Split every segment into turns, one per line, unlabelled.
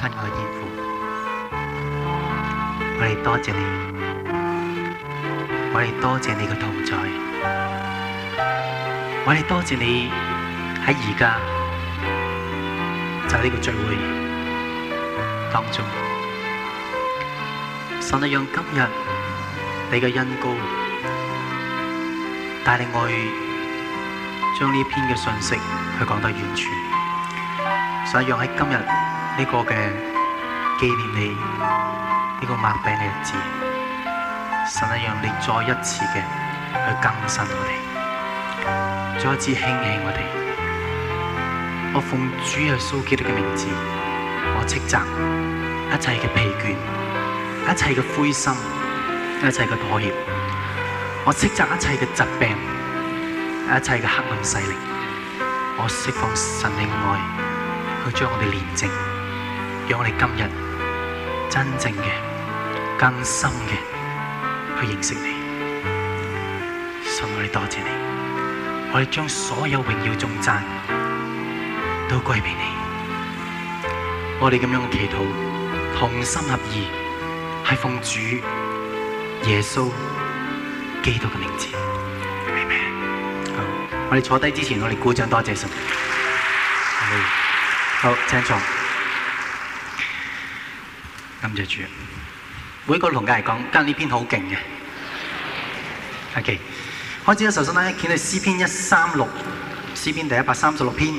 親愛嘅父，我哋多謝你，我哋多謝你嘅同在，我哋多謝你喺而家就喺呢個聚會當中，神啊，讓今日你嘅恩膏帶領我哋將呢篇嘅信息去講到完全，神啊，讓喺今日，呢個嘅紀念、這個、你呢個擘餅嘅日子，神啊，讓你再一次嘅去更新我哋，再一次興起我哋。我奉主耶穌基督嘅名字，我斥責一切嘅疲倦，一切嘅灰心，一切嘅妥協。我斥責一切嘅疾病，一切嘅黑暗勢力。我釋放神嘅愛，去將我哋潔淨。讓我哋今日真正嘅，更深嘅去認識你。神，我哋多謝你，我哋將所有榮耀頌讚，都歸俾你，我哋咁樣嘅祈禱同心合意，係奉主耶穌基督嘅名字，明白？我哋坐低之前，我哋鼓掌多謝神，好，好請坐。多謝主。每個同家嚟講，今日呢篇好勁嘅。OK，開始啦，首先咧，卷去詩篇一三六，詩篇第一百三十六篇。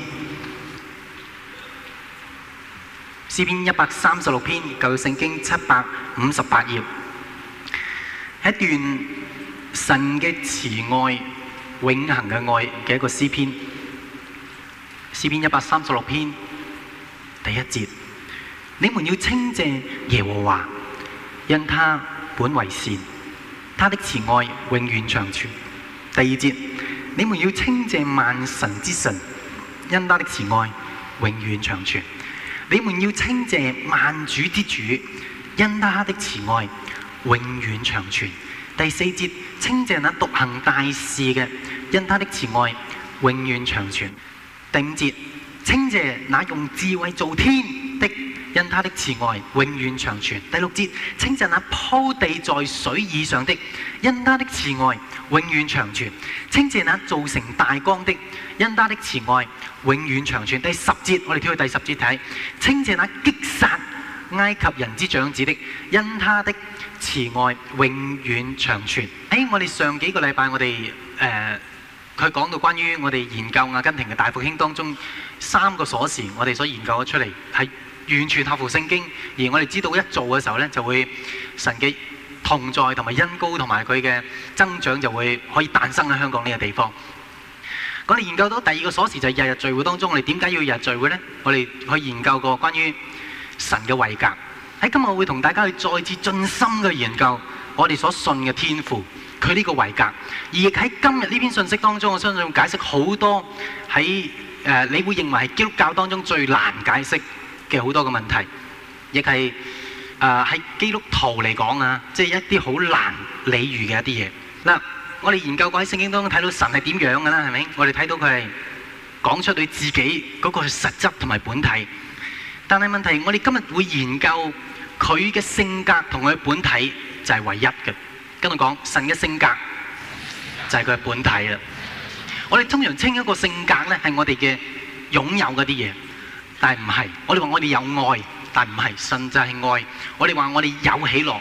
詩篇一百三十六篇，舊約聖經七百五十八頁，係一段神嘅慈愛、永恒嘅愛嘅一個詩篇。詩篇一百三十六篇第一節。你們要稱謝耶和華，因他本為善，他的慈愛永遠長存。第二節，你們要稱謝萬神之神，因他的慈愛永遠長存。你們要稱謝萬主之主，因他的慈愛永遠長存。第四節，稱謝那獨行大事嘅，因他的慈愛永遠長存。第五節，稱謝那用智慧造天，因他的慈愛永遠長存。第六節，稱謝那鋪地在水以上的，因他的慈愛永遠長存。稱謝那造成大光的，因他的慈愛永遠長存。第十節，我哋跳去第十節睇，稱謝那擊殺埃及人之長子的，因他的慈愛永遠長存。喺我哋上幾個禮拜，我哋誒，佢、呃、講到關於我哋研究阿根廷嘅大復興當中三個鎖匙，我哋所研究咗出嚟係。完全合乎聖經，而我哋知道一做嘅時候咧，就會神嘅同在同埋恩膏同埋佢嘅增長就會可以誕生喺香港呢個地方。我哋研究到第二個鎖匙就係、是、日日聚會當中，我哋點解要日日聚會咧？我哋去研究過關於神嘅位格，喺今日會同大家去再次進深嘅研究，我哋所信嘅天父，佢呢個位格，而喺今日呢篇信息當中，我相信解釋好多喺誒，你會認為係基督教當中最難解釋。嘅好多嘅問題，亦係誒喺基督徒嚟講啊，即係一啲好難理喻嘅一啲嘢。嗱，我哋研究過喺聖經當中睇到神係點樣嘅啦，係咪？我哋睇到佢係講出佢自己嗰個實質同埋本體，但係問題，我哋今日會研究佢嘅性格同佢本體就係唯一嘅。跟我講，神嘅性格就係佢嘅本體啦。我哋通常稱一個性格咧係我哋嘅擁有嗰啲嘢。但唔係，我哋話我哋有愛，但唔係神就係愛；我哋話我哋有喜樂，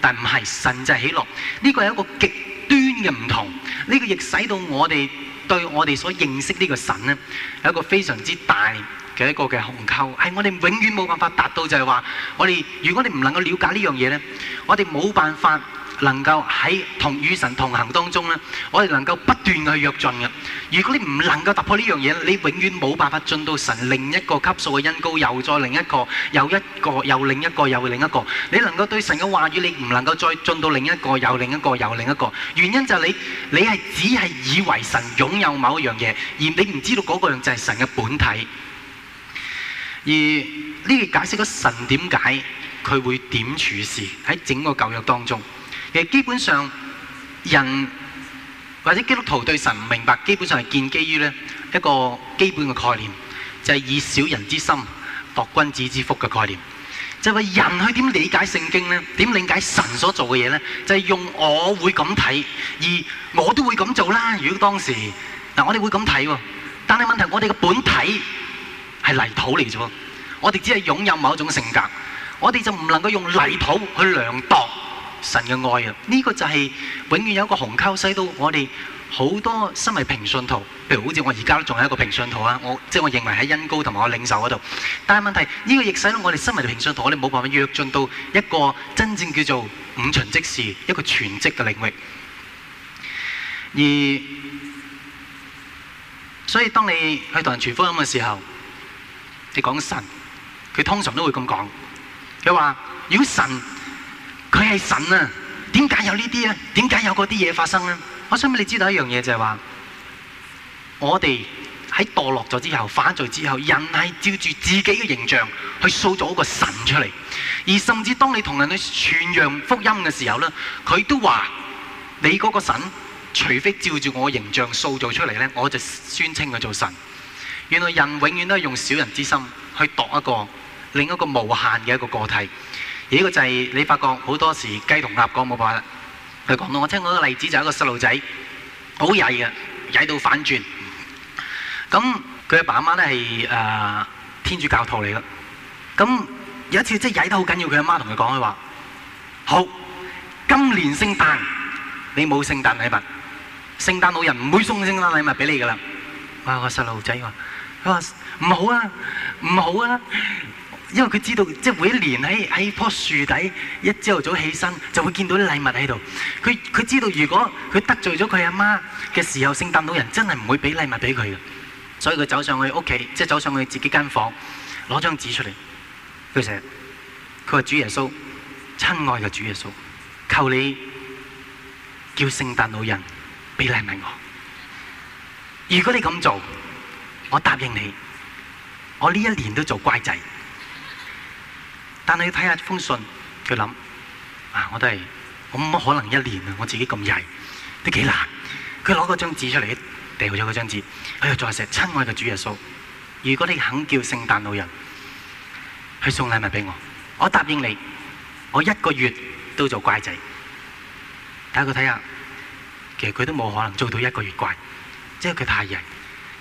但唔係神就係喜樂。呢、這個係一個極端嘅唔同，呢、這個亦使到我哋對我哋所認識呢個神呢有一個非常之大嘅一個嘅鴻溝，係、哎、我哋永遠冇辦法達到，就係、是、話我哋，如果你唔能夠了解呢樣嘢咧，我哋冇辦法。能夠喺同與神同行當中咧，我哋能夠不斷嘅去躍進嘅。如果你唔能夠突破呢樣嘢，你永遠冇辦法進到神另一個級數嘅恩膏，又再另一個，又一個，又另一個，又另一個。你能夠對神嘅話語，你唔能夠再進到另一個，又另一個，又另一個。原因就係你你係只係以為神擁有某一樣嘢，而你唔知道嗰個樣就係神嘅本體。而呢個解釋咗神點解佢會點處事喺整個舊約當中。其實基本上，人或者基督徒對神唔明白，基本上係建基於一個基本嘅概念，就係、是、以小人之心度君子之腹嘅概念。就係、是、人去點理解聖經呢？點理解神所做嘅嘢呢？就係、是、用我會咁睇，而我都會咁做啦。如果當時嗱，我哋會咁睇喎，但係問題是我哋嘅本體係泥土嚟啫，我哋只係擁有某一種性格，我哋就唔能夠用泥土去量度。神嘅愛啊！呢個就係永遠有個鴻溝，使到我哋好多身為平信徒，譬如好似我而家都仲係一個平信徒啊！我即係我認為喺恩膏同埋我領受嗰度。但係問題呢個亦使到我哋身為平信徒，我哋冇辦法躍進到一個真正叫做五重職事、一個全職嘅領域。而所以，當你去同人傳福音嘅時候，你講神，佢通常都會咁講，佢話：如果神……佢係神啊！點解有呢啲啊？點解有嗰啲嘢發生啊？我想俾你知道一樣嘢就係話，我哋喺墮落咗之後、犯罪之後，人係照住自己嘅形象去塑造一個神出嚟，而甚至當你同人哋傳揚福音嘅時候咧，佢都話你嗰個神，除非照住我形象塑造出嚟咧，我就宣稱佢做神。原來人永遠都係用小人之心去度一個另一個無限嘅一個個體。呢個就係你發覺好多時雞同鴨講冇辦法啦。佢講到，我聽過一個例子，就係一個細路仔好曳嘅，曳到反轉。咁佢阿爸阿媽咧係誒天主教徒嚟咯。咁有一次即係曳到好緊要，佢阿媽同佢講佢話：好，今年聖誕你冇聖誕禮物，聖誕老人唔會送聖誕禮物俾你㗎啦。哇！個細路仔話：佢話唔好啊，唔好啊。因為佢知道，即係每一年喺喺棵樹底，一朝頭早起身就會見到啲禮物喺度。佢知道，如果佢得罪咗佢阿媽嘅時候，聖誕老人真係唔會俾禮物俾佢嘅。所以佢走上去屋企，即係走上去自己間房，攞張紙出嚟，佢寫：佢話主耶穌，親愛嘅主耶穌，求你叫聖誕老人俾禮物我。如果你咁做，我答應你，我呢一年都做乖仔。但係你睇下封信，佢諗啊，我都係我冇乜可能一年啊，我自己咁曳都幾難。佢攞嗰張紙出嚟，掉咗嗰張紙，佢又再寫：親愛嘅主耶穌，如果你肯叫聖誕老人去送禮物俾我，我答應你，我一個月都做乖仔。睇下佢睇下，其實佢都冇可能做到一個月怪，即係佢太曳。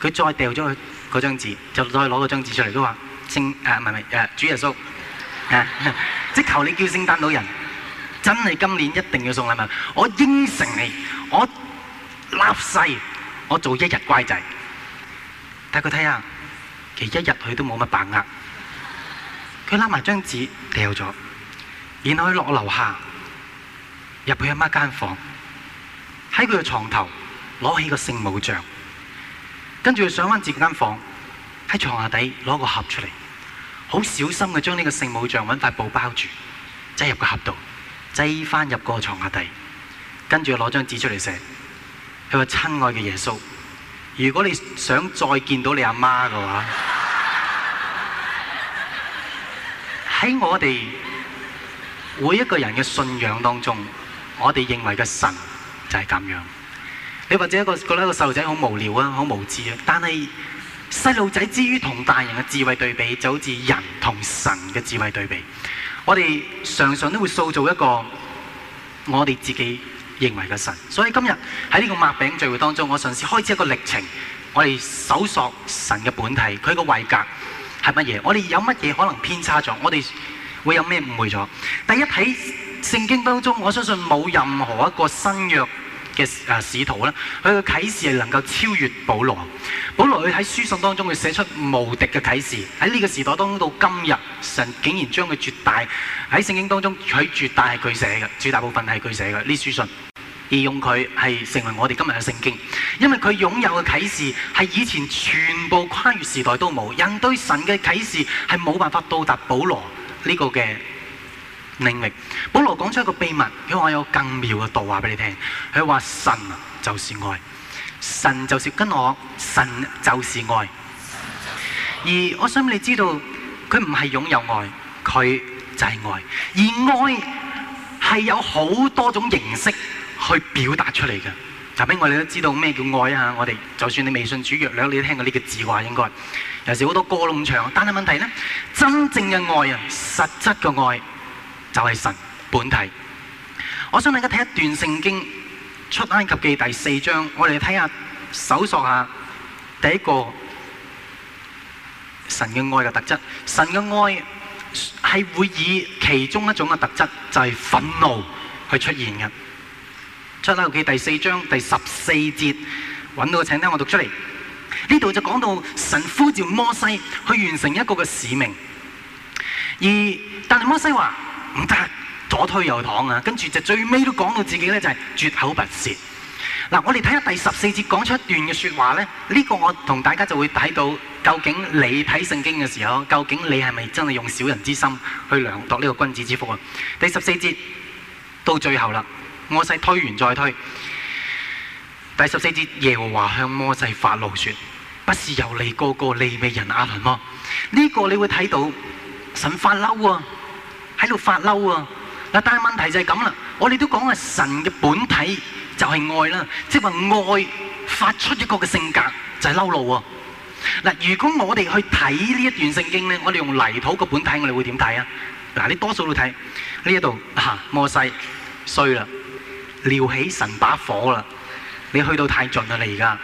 佢再掉咗嗰張紙，就再攞嗰張紙出嚟都話聖，誒唔係唔係誒主耶穌。 即求你叫聖誕老人，真係今年一定要送禮物。我應承你，我立誓，我做一日乖仔。但佢睇下，其實一日佢都冇乜把握。佢拉埋張紙掉咗，然後佢落我樓下，入去阿媽間房，喺佢嘅床頭攞起個聖母像，跟住上翻自己間房，喺床下底攞個盒出嚟。好小心嘅將呢個聖母像搵塊布包住，擠入個盒度，擠返入個床下底，跟住攞張紙出嚟寫：「佢話親愛嘅耶穌，如果你想再見到你阿媽嘅話，喺 我哋每一個人嘅信仰當中，我哋認為嘅神就係咁樣。你或者一個覺得個細路仔好無聊啊，好無知啊，但係。細路仔之於同大人嘅智慧對比，就好似人同神嘅智慧對比。我哋常常都會塑造一個我哋自己認為嘅神。所以今日喺呢個擘餅聚會當中，我嘗試開始一個歷程，我哋搜索神嘅本體，佢嘅位格係乜嘢？我哋有乜嘢可能偏差咗？我哋會有咩誤會咗？第一喺聖經當中，我相信冇任何一個新約嘅啊使徒咧，佢嘅啟示係能夠超越保羅。保羅佢喺書信當中佢寫出無敵嘅啟示，喺呢個時代當中，到今日，神竟然將佢絕大喺聖經當中，佢絕大係佢寫嘅，絕大部分係佢寫嘅呢書信，而用佢係成為我哋今日嘅聖經，因為佢擁有嘅啟示係以前全部跨越時代都冇，人對神嘅啟示係冇辦法到達保羅呢個嘅。能力，保羅講出一個秘密，佢話我有更妙嘅道話俾你聽。佢話神啊，就是愛，神就是跟我，神就是愛。是愛，而我想你知道，佢唔係擁有愛，佢就係愛。而愛係有好多種形式去表達出嚟嘅。頭先我哋都知道咩叫愛啊？我哋就算你未信主，若你你都聽過呢個字話應該。有時好多過咁長，但係問題呢，真正嘅愛啊，實質嘅愛。就係神本體，我想大家睇一段聖經出埃及記第四章，我哋睇下，搜索下第一個神嘅愛嘅特質。神嘅愛係會以其中一種嘅特質，就係、是、憤怒去出現嘅。出埃及記第四章第十四節，揾到請聽我讀出嚟。呢度就講到神呼召摩西去完成一個嘅使命，而但係摩西話。唔得，左推右躺啊！跟住就最尾都講到自己呢，就係絕口不舌。嗱，我哋睇下第十四節講出一段嘅説話呢。呢個我同大家就會睇到，究竟你睇聖經嘅時候，究竟你係咪真係用小人之心去量度呢個君子之腹啊？第十四節到最後啦，摩西推完再推。第十四節，耶和華向摩西發怒説：不是由你個個利未人亞倫喎。呢個你會睇到神發嬲啊！喺度發嬲啊！嗱，但係問題就係咁啦，我哋都講啊，神嘅本體就係愛啦，即係話愛發出一個嘅性格就係嬲怒喎。嗱，如果我哋去睇呢一段聖經咧，我哋用泥土嘅本體，我哋會點睇啊？嗱，你多數都睇呢一度，吓，摩西衰啦，撩起神把火啦，你去到太盡啦，你而家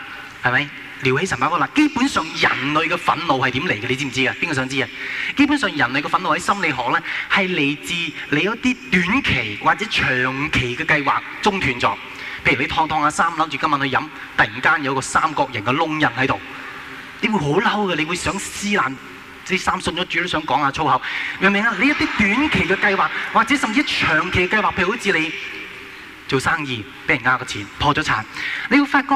係咪？聊起神馬嗰啦，基本上人類嘅憤怒係點嚟嘅？你知唔知啊？邊個想知啊？基本上人類嘅憤怒喺心理學咧，係嚟自你一啲短期或者長期嘅計劃中斷咗。譬如你熨熨下衫，諗住今晚去飲，突然間有個三角形嘅窿印喺度，你會好嬲嘅？你會想撕爛啲衫，即三信咗主都想講下粗口，明唔明啊？你一啲短期嘅計劃，或者甚至長期嘅計劃，譬如好似你。做生意俾人呃個錢，破咗產，你會發覺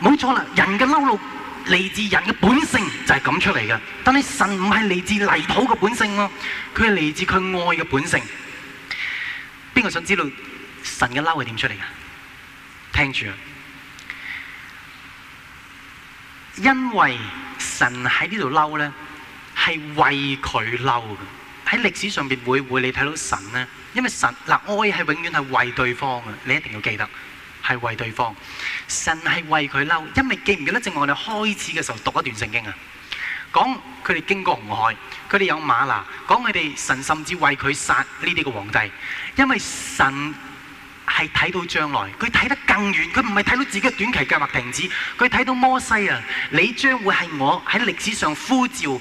冇錯啦。人嘅嬲怒嚟自人嘅本性就係咁出嚟嘅，但係神唔係嚟自泥土嘅本性咯，佢係嚟自佢愛嘅本性。邊個想知道神嘅嬲係點出嚟啊？聽住，因為神喺呢度嬲呢，係為佢嬲嘅。喺歷史上面，會唔會你睇到神呢？因為神嗱，愛係永遠係為對方嘅，你一定要記得係為對方。神係為佢嬲，因為記唔記得？正話我哋開始嘅時候讀一段聖經啊，講佢哋經過紅海，佢哋有嗎哪，講佢哋神甚至為佢殺呢啲嘅皇帝，因為神係睇到將來，佢睇得更遠，佢唔係睇到自己嘅短期計劃停止，佢睇到摩西啊，你將會係我喺歷史上呼召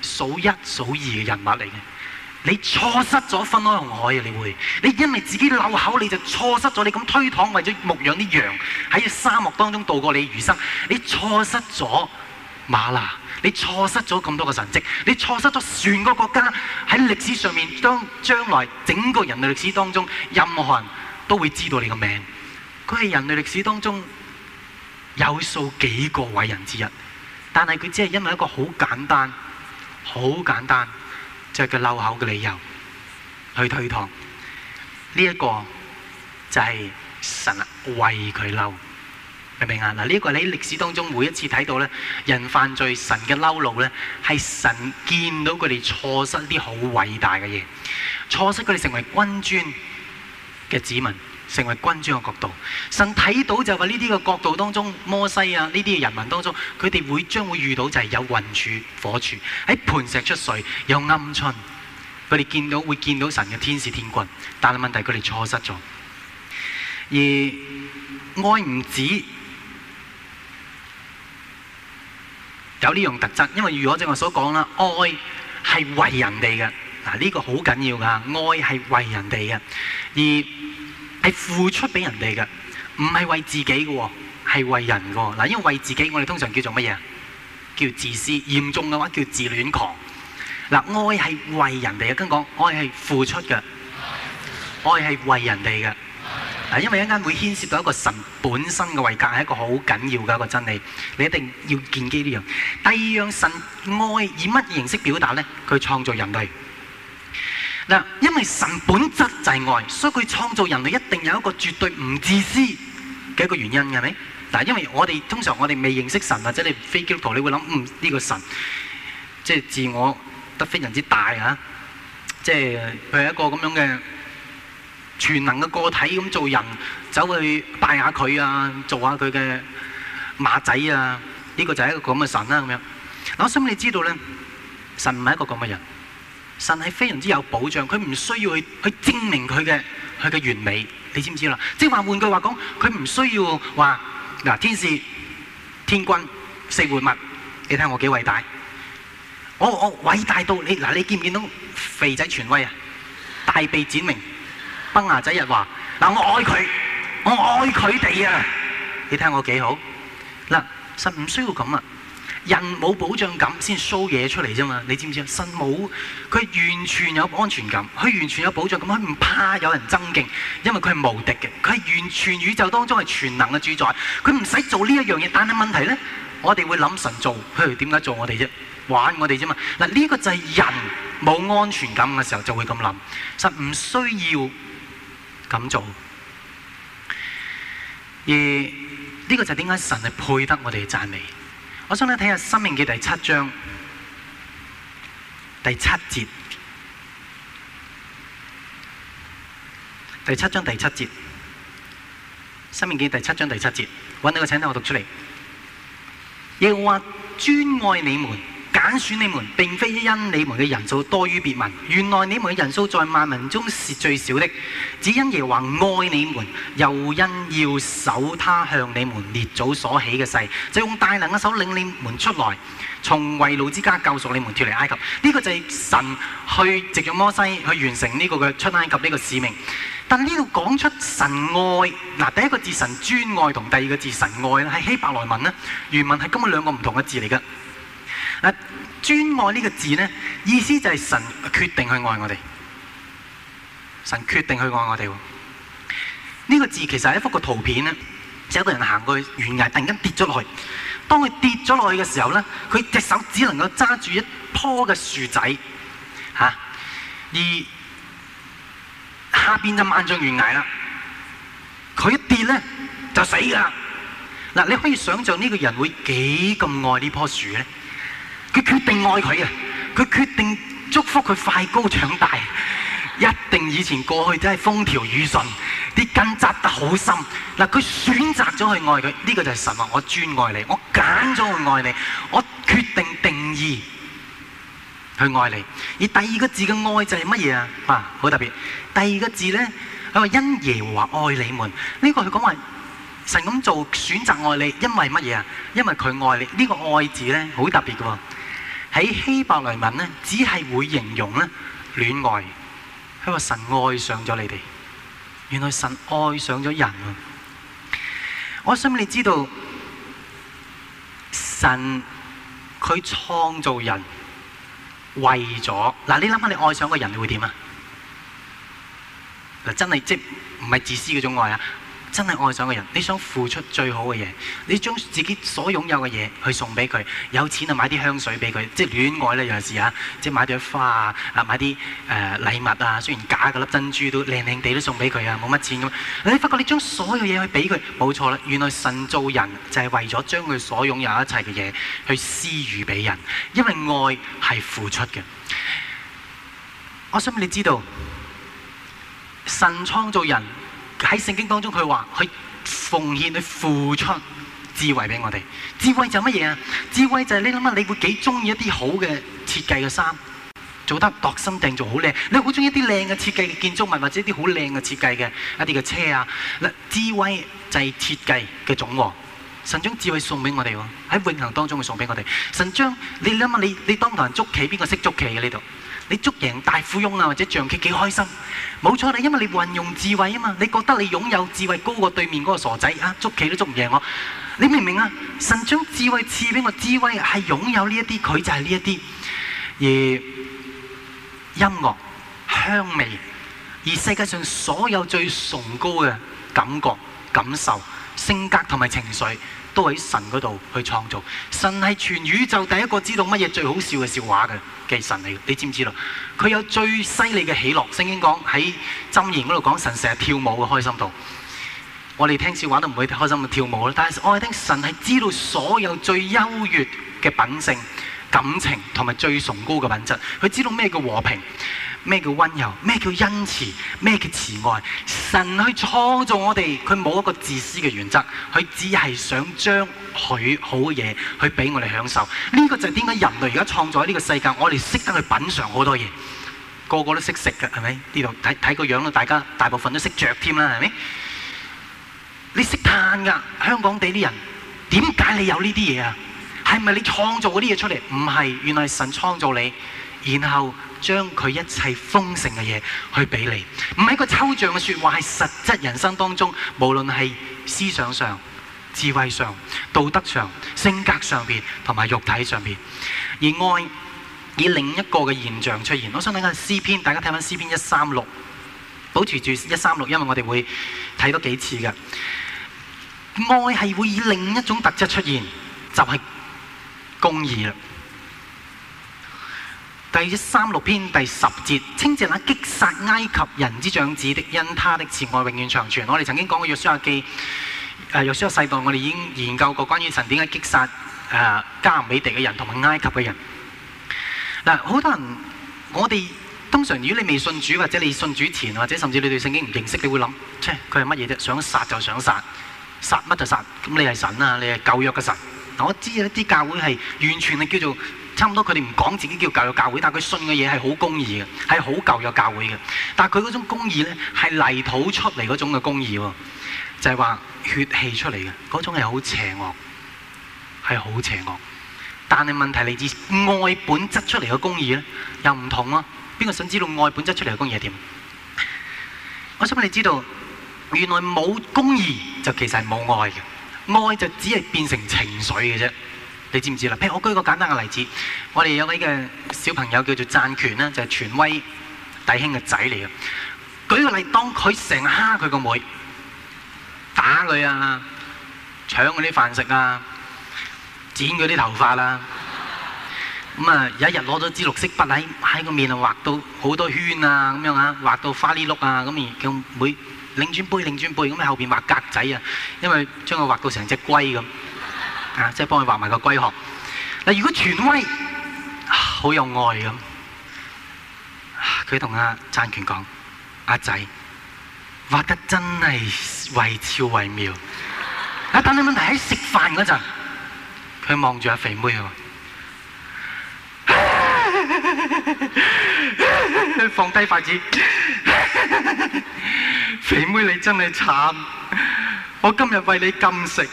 數一數二嘅人物嚟嘅。你錯失咗分開紅海，海你會，你因為自己漏口，你就錯失咗。你咁推搪，為咗牧養啲羊喺沙漠當中度過你餘生。你錯失咗馬拉，你錯失咗咁多個神蹟，你錯失咗全個國家喺歷史上面，將將來整個人類歷史當中，任何人都會知道你嘅名。佢係人類歷史當中有數幾個偉人之一，但係佢只係因為一個好簡單、好簡單。借佢嬲口嘅理由去推搪，呢、這、一個就係神為佢嬲，明唔明啊？嗱，呢一個係你喺歷史當中每一次睇到咧，人犯罪神的，是神嘅嬲怒咧，係神見到佢哋錯失啲好偉大嘅嘢，錯失佢哋成為君尊嘅子民。成為君主嘅角度，神睇到就話呢啲嘅角度當中，摩西啊呢啲嘅人民當中，佢哋會將會遇到就係有雲柱火柱喺磐石出水，有暗春。佢哋見到會見到神嘅天使天軍，但係問題佢哋錯失咗。而愛唔止有呢樣特質，因為如果正話所講啦，愛係為人哋嘅。嗱，呢個好緊要噶，愛係為人哋嘅而。係付出俾人哋嘅，唔係為自己嘅，係為人嘅。嗱，因為為自己，我哋通常叫做乜嘢？叫自私，嚴重嘅話叫自戀狂。嗱，愛係為人哋嘅，跟住講，愛係付出嘅，愛係為人哋嘅。嗱，因為一間會牽涉到一個神本身嘅位格，係一個好緊要嘅一個真理，你一定要見機呢樣。第二樣，神愛以乜形式表達咧？佢創造人類。嗱，因為神本質就係愛，所以佢創造人類一定有一個絕對唔自私嘅一個原因嘅，係咪？嗱，因為我哋通常我哋未認識神或者你非基督徒，你會諗，嗯，呢個神即係自我得非常之大嚇，即係佢係一個咁樣嘅全能嘅個體咁做人，走去拜下佢啊，做下佢嘅馬仔啊，呢個就係一個咁嘅神啦咁樣。咁我想你知道咧，神唔係一個咁嘅人。神係非常之有保障，佢唔需要去去證明佢嘅佢嘅完美，你知唔知啦？即係話換句話講，佢唔需要話嗱天使、天君四活物，你睇下我幾偉大，我我偉大到你嗱，你見唔見到肥仔權威啊？大鼻展明，崩牙仔日話嗱我愛佢，我愛佢哋啊！你睇下我幾好，嗱，神唔需要咁啊！人冇保障感先騷嘢出嚟啫嘛，你知唔知啊？神冇，佢完全有安全感，佢完全有保障感，佢唔怕有人爭勁，因為佢係無敵嘅，佢係完全宇宙當中係全能嘅主宰，佢唔使做呢一樣嘢。但係問題咧，我哋會諗神做，譬如點解做我哋啫？玩我哋啫嘛。嗱、這、呢個就係人冇安全感嘅時候就會咁諗，神唔需要咁做，而呢、這個就係點解神係配得我哋嘅讚美。我想咧睇下《申命記》第七章第七節，第七章第七節，《申命記》第七章第七節，揾到個請跟我讀出嚟，要或專愛你們。揀選你們，並非因你們嘅人數多於別民，原來你們嘅人數在萬民中是最少的，只因耶和華愛你們，又因要守他向你們列祖所起嘅誓，就用大能嘅手領你們出來，從為奴之家救贖你們脫離埃及。呢、這個就係神去藉着摩西去完成呢、這個嘅出埃及呢個使命。但呢度講出神愛，嗱第一個字神專愛同第二個字神愛，係希伯來文呢，原文係根本兩個唔同嘅字嚟嘅。嗱，專愛呢個字呢，意思就係神決定去愛我哋，神決定去愛我哋。呢個字其實係一幅個圖片咧，有一個人行過去懸崖，突然間跌咗落去。當佢跌咗落去嘅時候呢，佢隻手只能夠揸住一樖嘅樹仔，而下面就萬丈懸崖啦。佢一跌呢就死㗎。嗱，你可以想象呢個人會幾咁愛呢樖樹呢。佢決定愛佢啊！佢決定祝福佢快高長大。一定以前過去都係風調雨順，啲根扎得好深。嗱，佢選擇咗去愛佢，呢、這個就係神話。我專愛你，我揀咗去愛你，我決定定義去愛你。而第二個字嘅愛就係乜嘢啊？啊，好特別。第二個字咧，佢話因耶和華愛你們，呢、這個佢講話神咁做選擇愛你，因為乜嘢啊？因為佢愛你。這個、愛呢個愛字咧，好特別㗎喎。喺希伯來文呢，只係會形容咧戀愛。佢話神愛上咗你哋，原來神愛上咗人。我想你知道，神佢創造人為咗，嗱，你諗下你愛上個人你會點啊？嗱，真係即唔係自私嗰種愛啊！真係愛上嘅人，你想付出最好嘅嘢，你將自己所擁有嘅嘢去送俾佢。有錢就買啲香水俾佢，即係戀愛呢。有陣時啊，即係買朵花啊，啊買啲、呃、禮物啊。雖然假嗰粒珍珠都靚靚靚地都送俾佢啊，冇乜錢咁。你發覺你將所有嘢去俾佢，冇錯啦。原來神造人就係為咗將佢所擁有一切嘅嘢去施予俾人，因為愛係付出嘅。我想俾你知道，神創造人。喺聖經當中，佢話佢奉獻去付出智慧俾我哋。智慧就乜嘢啊？智慧就係你諗下，你會幾中意一啲好嘅設計嘅衫，做得度身訂造好靚。你好中意一啲靚嘅設計嘅建築物，或者一啲好靚嘅設計嘅一啲嘅車啊，嗱，智慧就係設計嘅總和。神將智慧送俾我哋喎，喺永恆當中會送俾我哋。神將你諗下，你想想你，你當堂捉棋，邊個識捉棋嘅呢度？你捉贏大富翁啊，或者象棋幾開心？冇錯啦，因為你運用智慧啊嘛，你覺得你擁有智慧高過對面嗰個傻仔啊，捉棋都捉唔贏我。你明唔明啊？神將智慧賜畀我，智慧係擁有呢一啲，佢就係呢一啲。而音樂、香味，而世界上所有最崇高嘅感覺、感受、性格同埋情緒。都喺神嗰度去創造，神係全宇宙第一個知道乜嘢最好笑嘅笑話嘅嘅神嚟。你知唔知道？佢有最犀利嘅喜樂，聖經講喺箴言嗰度講，神成日跳舞嘅開心度，我哋聽笑話都唔會開心去跳舞啦。但係我哋聽神係知道所有最優越嘅品性、感情同埋最崇高嘅品質，佢知道咩叫和平。咩叫溫柔？咩叫恩慈？咩叫慈愛？神去創造我哋，佢冇一個自私嘅原則，佢只係想將佢好嘅嘢去俾我哋享受。呢個就係點解人類而家創造喺呢個世界，我哋識得去品嘗好多嘢。個個都識食噶，係咪？呢度睇睇個樣啦，大家大部分都識着添啦，係咪？你識嘆噶？香港地啲人，點解你有呢啲嘢啊？係咪你創造嗰啲嘢出嚟？唔係，原來神創造你，然後。將佢一切豐盛嘅嘢去俾你，唔係一個抽象嘅説話，係實質人生當中，無論係思想上、智慧上、道德上、性格上面同埋肉體上面。而愛以另一個嘅現象出現，我想睇下詩篇，大家睇翻詩篇一三六，保持住一三六，因為我哋會睇多幾次嘅。愛係會以另一種特質出現，就係、是、公義啦。第三六篇第十節，稱謝那擊殺埃及人之長子的，因他的慈愛永遠長存。我哋曾經講過約書亞記，誒、呃、約書亞世代，我哋已經研究過關於神點解擊殺誒、呃、加美地嘅人同埋埃及嘅人。嗱、呃，好多人，我哋通常如果你未信主，或者你信主前，或者甚至你對聖經唔認識，你會諗，切佢係乜嘢啫？想殺就想殺，殺乜就殺，咁你係神啊？你係舊約嘅神、呃？我知有一啲教會係完全係叫做。差唔多，佢哋唔講自己叫教育教會，但係佢信嘅嘢係好公義嘅，係好教育教會嘅。但係佢嗰種公義咧，係泥土出嚟嗰種嘅公義喎，就係話血氣出嚟嘅嗰種係好邪惡，係好邪惡。但係問題嚟自愛本質出嚟嘅公義咧，又唔同啊！邊個想知道愛本質出嚟嘅公義係點？我想你知道，原來冇公義就其實係冇愛嘅，愛就只係變成情緒嘅啫。你知唔知啦？譬如我舉個簡單嘅例子，我哋有位嘅小朋友叫做贊權啦，就係、是、權威弟兄嘅仔嚟嘅。舉個例，當佢成日蝦佢個妹，打佢啊，搶佢啲飯食啊，
剪佢啲頭髮啦。
咁啊，有一日攞咗支綠色筆喺喺個面度畫到好多圈啊，咁樣啊，畫到花呢碌啊，咁而叫妹擰轉背擰轉背咁喺後邊畫格仔啊，因為將佢畫到成隻龜咁。Gefallen, 啊！即係幫佢畫埋個龜殼。嗱，如果權威好有愛咁，啊，佢同阿贊權講：阿仔畫得真係為超為妙。啊，但係問題喺食飯嗰陣，佢望住阿肥妹話：放低筷子， 肥妹你真係慘，我今日為你禁食。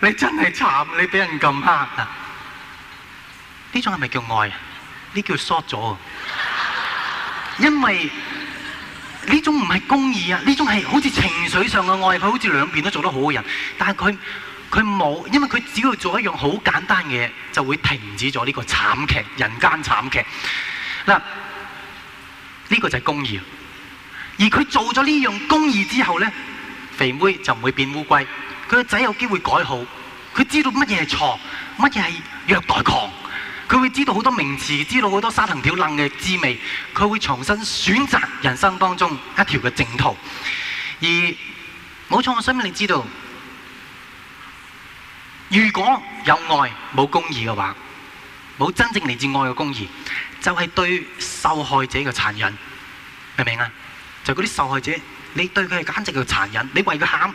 你真係慘，你俾人咁黑啊！呢種係咪叫愛啊？呢叫 short 咗，因為呢種唔係公義啊，呢種係好似情緒上嘅愛，佢好似兩邊都做得好嘅人，但係佢佢冇，因為佢只要做一樣好簡單嘅嘢，就會停止咗呢個慘劇，人間慘劇。嗱，呢個就係公義，而佢做咗呢樣公義之後咧，肥妹就唔會變烏龜。佢個仔有機會改好，佢知道乜嘢係錯，乜嘢係虐待狂，佢會知道好多名詞，知道好多沙藤條掹嘅滋味，佢會重新選擇人生當中一條嘅正途。而冇錯，我想畀你知道，如果有愛冇公義嘅話，冇真正嚟自愛嘅公義，就係對受害者嘅殘忍，明唔明啊？就嗰啲受害者，你對佢係簡直嘅殘忍，你為佢喊。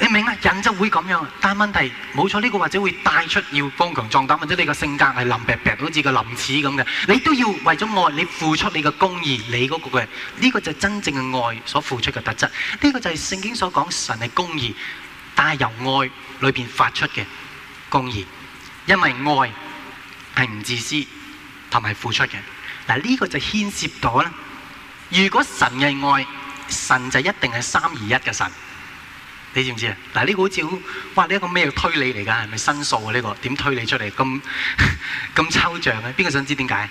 你明啊？人就會咁樣，但係問題冇錯呢、這個或者會帶出要剛強壯、壯膽，或者你個性格係林劈劈，好似個林子咁嘅。你都要為咗愛，你付出你嘅公義，你嗰個嘅呢、這個就係真正嘅愛所付出嘅特質。呢、這個就係聖經所講神係公義，但係由愛裏邊發出嘅公義，因為愛係唔自私同埋付出嘅。嗱、這、呢個就牽涉到咧，如果神係愛，神就一定係三而一嘅神。你知唔知啊？嗱，呢個好似好哇！呢一個咩推理嚟噶？係咪新數啊？呢個點推理出嚟咁咁抽象嘅？邊個想知點解？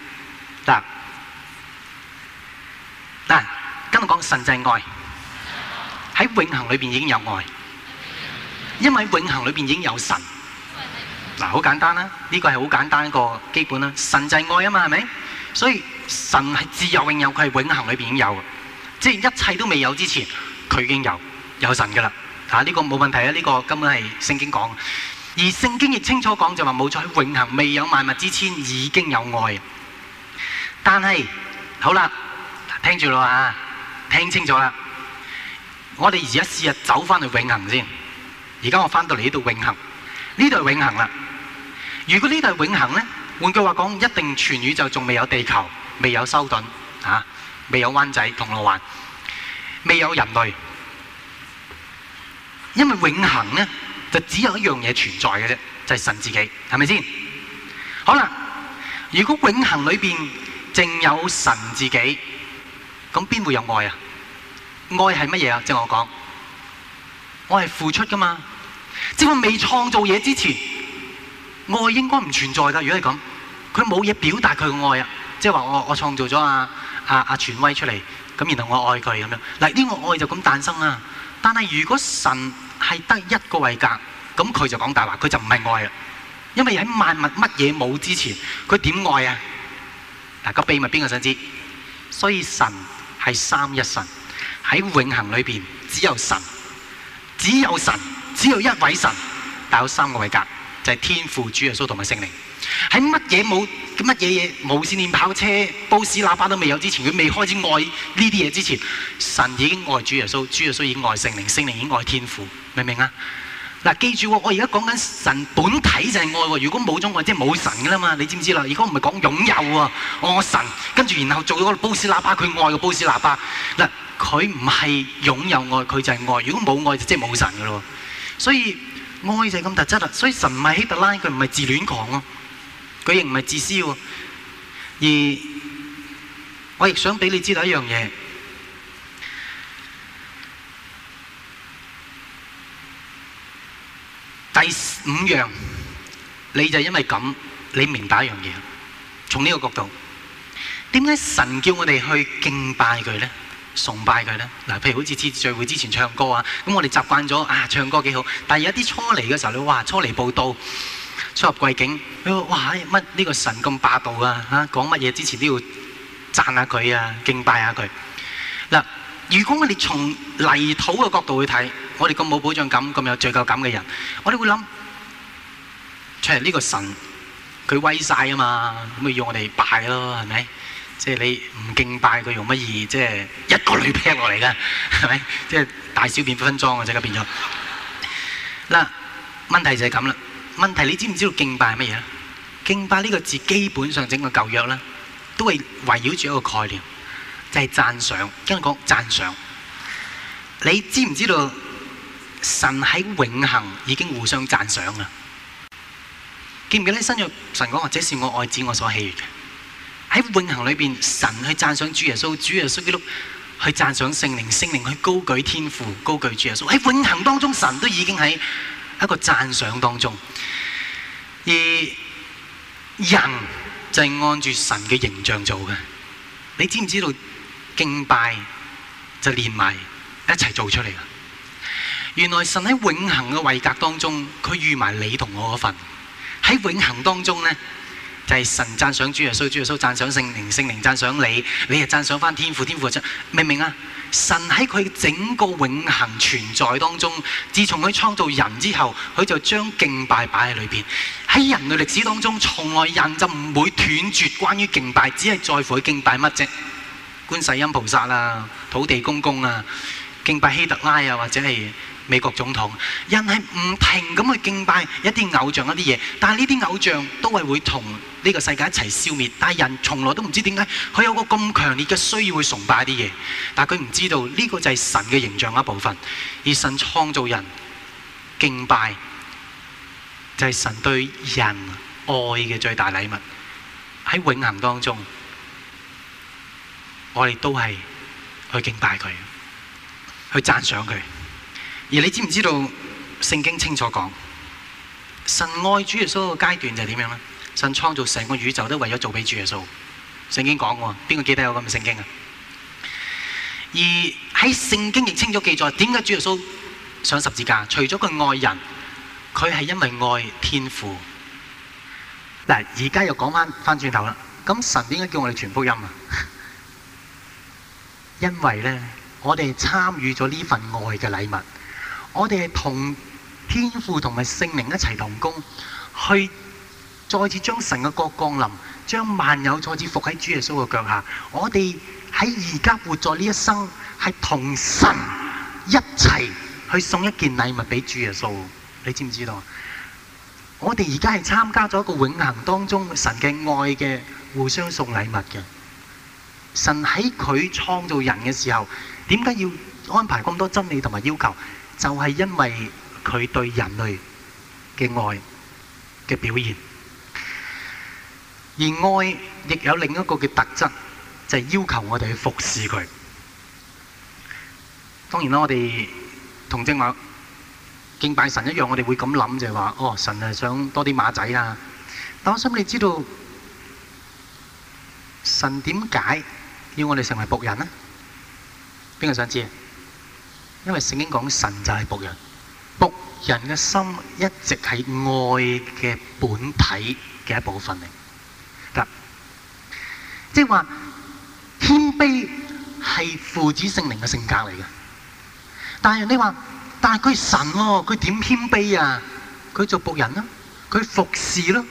嗱嗱，跟我講神係愛，喺永恆裏邊已經有愛，因為永恆裏邊已經有神。嗱，好簡單啦，呢個係好簡單一個基本啦。神係愛啊嘛，係咪？所以神係自由永有，佢係永恆裏邊已經有嘅。即係一切都未有之前，佢已經有有神嘅啦。嚇！呢個冇問題啊！呢個根本係聖經講，而聖經亦清楚講就話冇錯，永恆未有萬物之先已經有愛。但係好啦，聽住咯嚇，聽清楚啦。我哋而家試日走翻去永恆先。而家我翻到嚟呢度永恆，呢度永恆啦。如果呢度永恆咧，換句話講，一定全宇宙仲未有地球，未有修頓，嚇，未有灣仔銅鑼灣，未有人類。因為永恆呢，就只有一樣嘢存在嘅啫，就係、是、神自己，係咪先？好啦，如果永恆裏邊淨有神自己，咁邊會有愛啊？愛係乜嘢啊？即係我講，愛係付出噶嘛？即係我未創造嘢之前，愛應該唔存在噶。如果係咁，佢冇嘢表達佢嘅愛啊，即係話我我創造咗啊啊啊權、啊、威出嚟，咁然後我愛佢咁樣，嗱、這、呢個愛就咁誕生啦、啊。但係如果神，係得一個位格，咁佢就講大話，佢就唔係愛啦。因為喺萬物乜嘢冇之前，佢點愛啊？嗱，個秘密邊個想知？所以神係三一神，喺永恆裏邊，只有神，只有神，只有一位神，但有三個位格，就係天父、主耶穌同埋聖靈。喺乜嘢冇？乜嘢嘢無線電跑車、布斯喇叭都未有之前，佢未開始愛呢啲嘢之前，神已經愛主耶穌，主耶穌已經愛聖靈，聖靈已經愛天父，明唔明啊？嗱，記住我而家講緊神本體就係愛。如果冇種愛，即係冇神噶啦嘛。你知唔知啦？如果唔係講擁有喎，我、哦、神跟住然後做到個布斯喇叭，佢愛個布斯喇叭。嗱，佢唔係擁有愛，佢就係愛。如果冇愛，就即係冇神噶咯。所以愛就係咁特質啦。所以神唔係希特拉，佢唔係自戀狂。佢亦唔係自私喎，而我亦想俾你知道一樣嘢。第五樣，你就因為咁，你明白一樣嘢。從呢個角度，點解神叫我哋去敬拜佢呢？崇拜佢呢？嗱，譬如好似次次聚會之前唱歌啊，咁我哋習慣咗啊，唱歌幾好。但係有一啲初嚟嘅時候你哇，初嚟報到。出入貴境，佢話：哇！乜呢個神咁霸道啊？嚇，講乜嘢之前都要讚下佢啊，敬拜下佢。嗱，如果我哋從泥土嘅角度去睇，我哋咁冇保障感、咁有罪疚感嘅人，我哋會諗，誒呢個神，佢威晒啊嘛，咁咪要我哋拜咯，係咪？即係你唔敬拜佢用乜嘢？即係一個雷劈落嚟㗎，係咪？即係大小便分裝啊！即刻變咗。嗱，問題就係咁啦。問題你知唔知道敬拜係乜嘢咧？敬拜呢個字基本上整個舊約咧，都係圍繞住一個概念，就係讚賞。跟住講讚賞，你知唔知道神喺永恆已經互相讚賞啊？記唔記得喺新約神講：或者是我愛子，我所喜悅嘅。喺永恆裏邊，神去讚賞主耶穌，主耶穌基督去讚賞聖靈，聖靈去高舉天父，高舉主耶穌。喺永恆當中，神都已經喺。一個讚賞當中，而人就係按住神嘅形象做嘅。你知唔知道敬拜就連埋一齊做出嚟噶？原來神喺永恆嘅位格當中，佢預埋你同我嗰份。喺永恆當中呢，就係、是、神讚賞主耶穌，主耶穌讚賞聖靈，聖靈讚賞你，你又讚賞返天父，天父讚賞，明唔明啊？神喺佢整個永恆存在當中，自從佢創造人之後，佢就將敬拜擺喺裏邊。喺人類歷史當中，從來人就唔會斷絕關於敬拜，只係在乎佢敬拜乜啫？觀世音菩薩啦、啊，土地公公啊，敬拜希特拉啊，或者係。美國總統。人係唔停咁去敬拜一啲偶像、一啲嘢，但係呢啲偶像都係會同呢個世界一齊消滅。但係人從來都唔知點解佢有個咁強烈嘅需要去崇拜一啲嘢，但係佢唔知道呢個就係神嘅形象的一部分。而神創造人敬拜就係、是、神對人愛嘅最大禮物。喺永恆當中，我哋都係去敬拜佢，去讚賞佢。而你知唔知道聖經清楚講神愛主耶穌嘅階段就係點樣咧？神創造成個宇宙都為咗做俾主耶穌。聖經講過，邊個記得有咁嘅聖經啊？而喺聖經亦清楚記載，點解主耶穌上十字架？除咗佢愛人，佢係因為愛天父。嗱，而家又講翻翻轉頭啦。咁神點解叫我哋傳福音啊？ 因為咧，我哋參與咗呢份愛嘅禮物。我哋係同天父同埋聖靈一齊同工，去再次將神嘅國降臨，將萬有再次伏喺主耶穌嘅腳下。我哋喺而家活在呢一生，係同神一齊去送一件禮物俾主耶穌。你知唔知道？我哋而家係參加咗一個永恆當中神嘅愛嘅互相送禮物嘅。神喺佢創造人嘅時候，點解要安排咁多真理同埋要求？就係因為佢對人類嘅愛嘅表現，而愛亦有另一個嘅特質，就係要求我哋去服侍佢。當然啦，我哋同正話敬拜神一樣，我哋會咁諗就係話，哦，神係，想多啲馬仔啊。但係我想你知道神點解要我哋成為僕人呢？邊個想知？因為聖經講神就係僕人，僕人嘅心一直係愛嘅本體嘅一部分嚟，即係話謙卑係父子聖靈嘅性格嚟嘅，但係你話，但係佢係神喎，哦，佢點謙卑啊？佢做僕人啦，啊，佢服侍咯。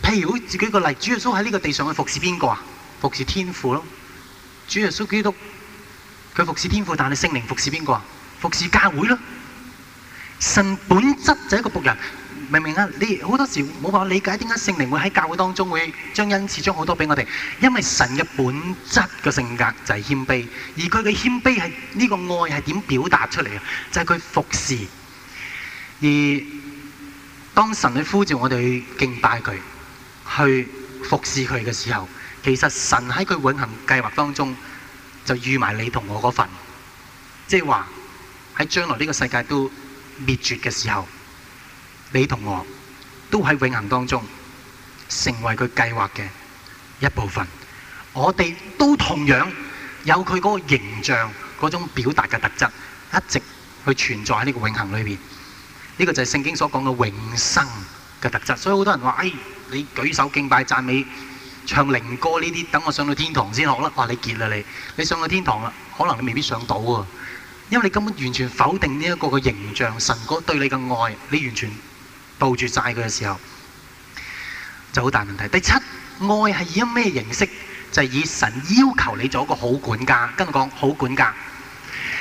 譬如好自己個例，主耶穌喺呢個地上去服侍邊個啊？服侍天父咯。主耶穌基督佢服侍天父，但係聖靈服侍邊個啊？服侍教會咯。神本質就係一個僕人，明唔明啊？你好多時冇辦法理解點解聖靈會喺教會當中會將恩賜將好多俾我哋，因為神嘅本質嘅性格就係謙卑，而佢嘅謙卑係呢、這個愛係點表達出嚟嘅，就係、是、佢服侍。而當神去呼召我哋去敬拜佢，去服侍佢嘅時候，其實神喺佢永恒計劃當中就預埋你同我嗰份，即係話。喺將來呢個世界都滅絕嘅時候，你同我都喺永恆當中成為佢計劃嘅一部分。我哋都同樣有佢嗰個形象嗰種表達嘅特質，一直去存在喺呢個永恆裏邊。呢個就係聖經所講嘅永生嘅特質。所以好多人話：誒，你舉手敬拜讚美、唱靈歌呢啲，等我上到天堂先學啦。話你結啦你，你上到天堂啦，可能你未必上到喎。因為你根本完全否定呢個形象，神對你嘅愛，你完全抱住晒佢嘅時候就好大問題。第七，愛係以咩形式？就係以神要求你做一個好管家，跟我講好管家。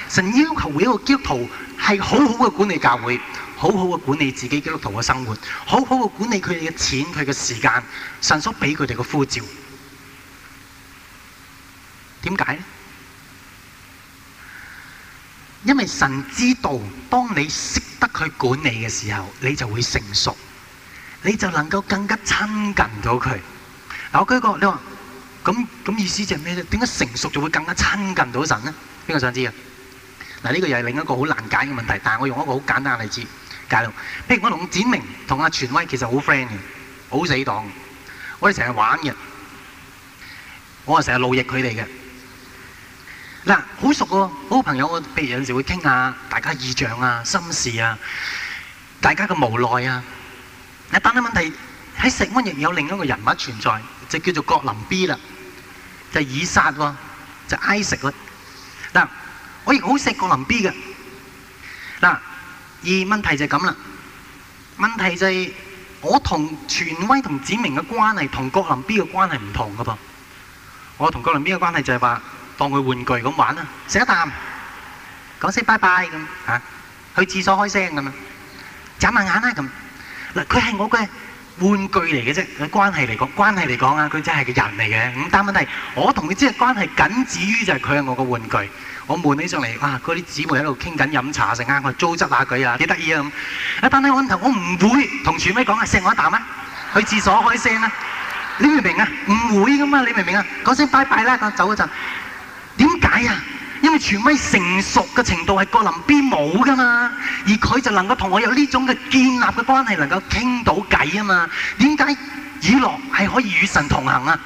神要求每一個基督徒係好好嘅管理教會，好好嘅管理自己基督徒嘅生活，好好嘅管理佢哋嘅錢，佢嘅時間，神所俾佢哋嘅呼召。點解？因為神知道，當你識得去管理嘅時候，你就會成熟，你就能夠更加親近到佢。嗱，我舉個你話，咁意思就係咩啫？點解成熟就會更加親近到神呢？邊個想知啊？嗱，呢個又係另一個好難解嘅問題，但係我用一個好簡單嘅例子解咯。譬如我龍展明同阿全威其實好 friend 嘅，好死黨，我哋成日玩嘅，我啊成日勞役佢哋嘅。嗱、嗯，好熟個，好朋友，我譬如有陣時會傾下大家意象啊、心事啊、大家嘅無奈啊。但係問題喺石温亦有另一個人物存在，就叫做郭林 B 啦，就是、以撒喎、啊，就挨食喎。嗱、嗯，我亦好錫郭林 B 嘅。嗱、嗯，而問題就係咁啦。問題就係、是、我同權威同指明嘅關係，同郭林 B 嘅關係唔同㗎噃。我同郭林 B 嘅關係就係、是、話。當佢玩具咁玩啦，食一啖，講聲拜拜咁嚇，去廁所開聲咁啊，眨下眼啦咁。佢係我嘅玩具嚟嘅啫，嘅關係嚟講，關係嚟講啊，佢真係個人嚟嘅。咁但問題，我同佢之間嘅關係僅止於就係佢係我個玩具。我換起上嚟，哇！嗰啲姊妹喺度傾緊飲茶，成日我哋糟質下佢啊，幾得意啊咁。啊，但係我唔同，我唔會同廚妹講啊，食我一啖啊，去廁所開聲啊。你明唔明啊？唔會㗎嘛，你明唔明啊？講聲拜拜啦，走嗰陣。點解啊？因為權威成熟嘅程度係格林 B 冇噶嘛，而佢就能夠同我有呢種嘅建立嘅關係，能夠傾到偈啊嘛。點解以諾係可以與神同行啊？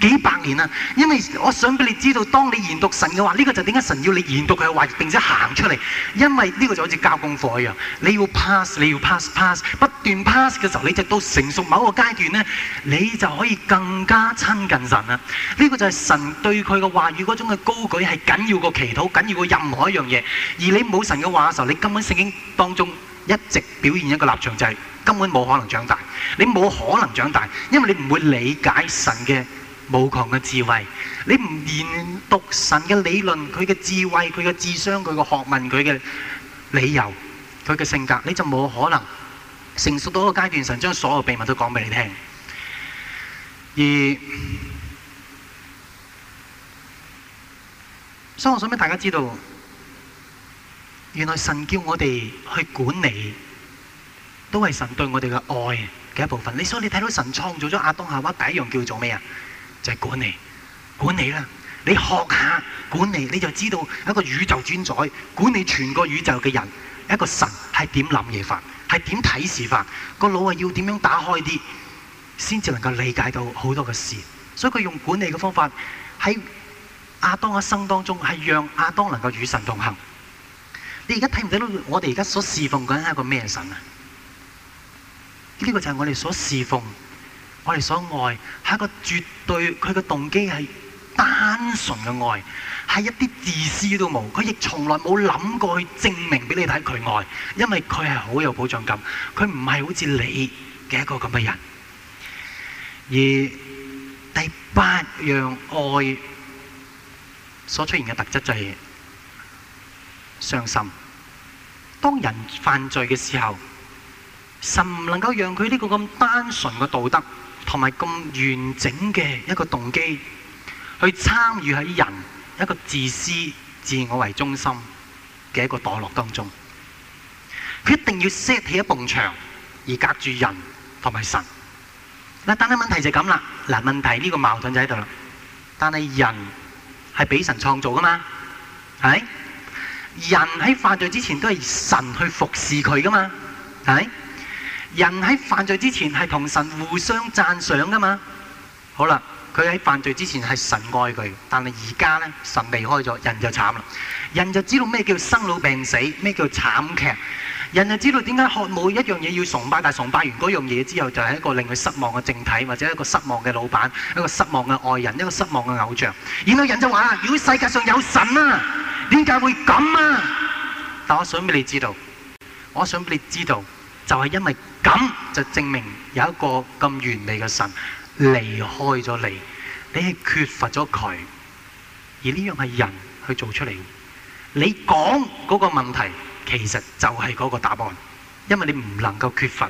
幾百年啦，啊，因為我想俾你知道，當你研讀神嘅話，呢、這個就點解神要你研讀佢嘅話，並且行出嚟？因為呢個就好似交功課一樣，你要 pass，你要 pass，pass pass，不斷 pass 嘅時候，你直到成熟某個階段呢，你就可以更加親近神啦。呢、這個就係神對佢嘅話語嗰種嘅高舉，係緊要過祈禱，緊要過任何一樣嘢。而你冇神嘅話嘅時候，你根本聖經當中一直表現一個立場就係、是、根本冇可能長大，你冇可能長大，因為你唔會理解神嘅。無窮嘅智慧，你唔研讀神嘅理論，佢嘅智慧，佢嘅智商，佢嘅學問，佢嘅理由，佢嘅性格，你就冇可能成熟到一個階段，神將所有秘密都講俾你聽。而所以我想俾大家知道，原來神叫我哋去管理，都係神對我哋嘅愛嘅一部分。你所以你睇到神創造咗亞當夏娃第一樣叫做咩啊？就係管理，管理啦，你學下管理，你就知道一個宇宙主宰管理全個宇宙嘅人，一個神係點諗嘢法，係點睇事法，個腦係要點樣打開啲，先至能夠理解到好多嘅事。所以佢用管理嘅方法喺亞當一生當中，係讓亞當能夠與神同行。你而家睇唔睇到我哋而家所侍奉緊係一個咩神啊？呢個就係我哋所侍奉。我哋所愛係一個絕對，佢嘅動機係單純嘅愛，係一啲自私都冇。佢亦從來冇諗過去證明俾你睇佢愛，因為佢係好有保障感。佢唔係好似你嘅一個咁嘅人。而第八樣愛所出現嘅特質就係傷心。當人犯罪嘅時候，神唔能夠讓佢呢個咁單純嘅道德。同埋咁完整嘅一個動機，去參與喺人一個自私、自我為中心嘅一個墮落當中。佢一定要 set 起一埲牆而隔住人同埋神。嗱，但係問題就係咁啦。嗱，問題呢個矛盾就喺度啦。但係人係俾神創造噶嘛？係，人喺犯罪之前都係神去服侍佢噶嘛？係。人喺犯罪之前係同神互相讚賞㗎嘛。好啦，佢喺犯罪之前係神愛佢，但係而家呢，神離開咗，人就慘啦。人就知道咩叫生老病死，咩叫慘劇。人就知道點解渴望一樣嘢要崇拜，但係崇拜完嗰樣嘢之後，就係一個令佢失望嘅政體，或者一個失望嘅老闆，一個失望嘅愛人，一個失望嘅偶像。然後人就話如果世界上有神啊，點解會咁啊？但我想俾你知道，我想俾你知道，就係因為……咁就證明有一個咁完美嘅神離開咗你，你係缺乏咗佢，而呢樣係人去做出嚟。你講嗰個問題，其實就係嗰個答案，因為你唔能夠缺乏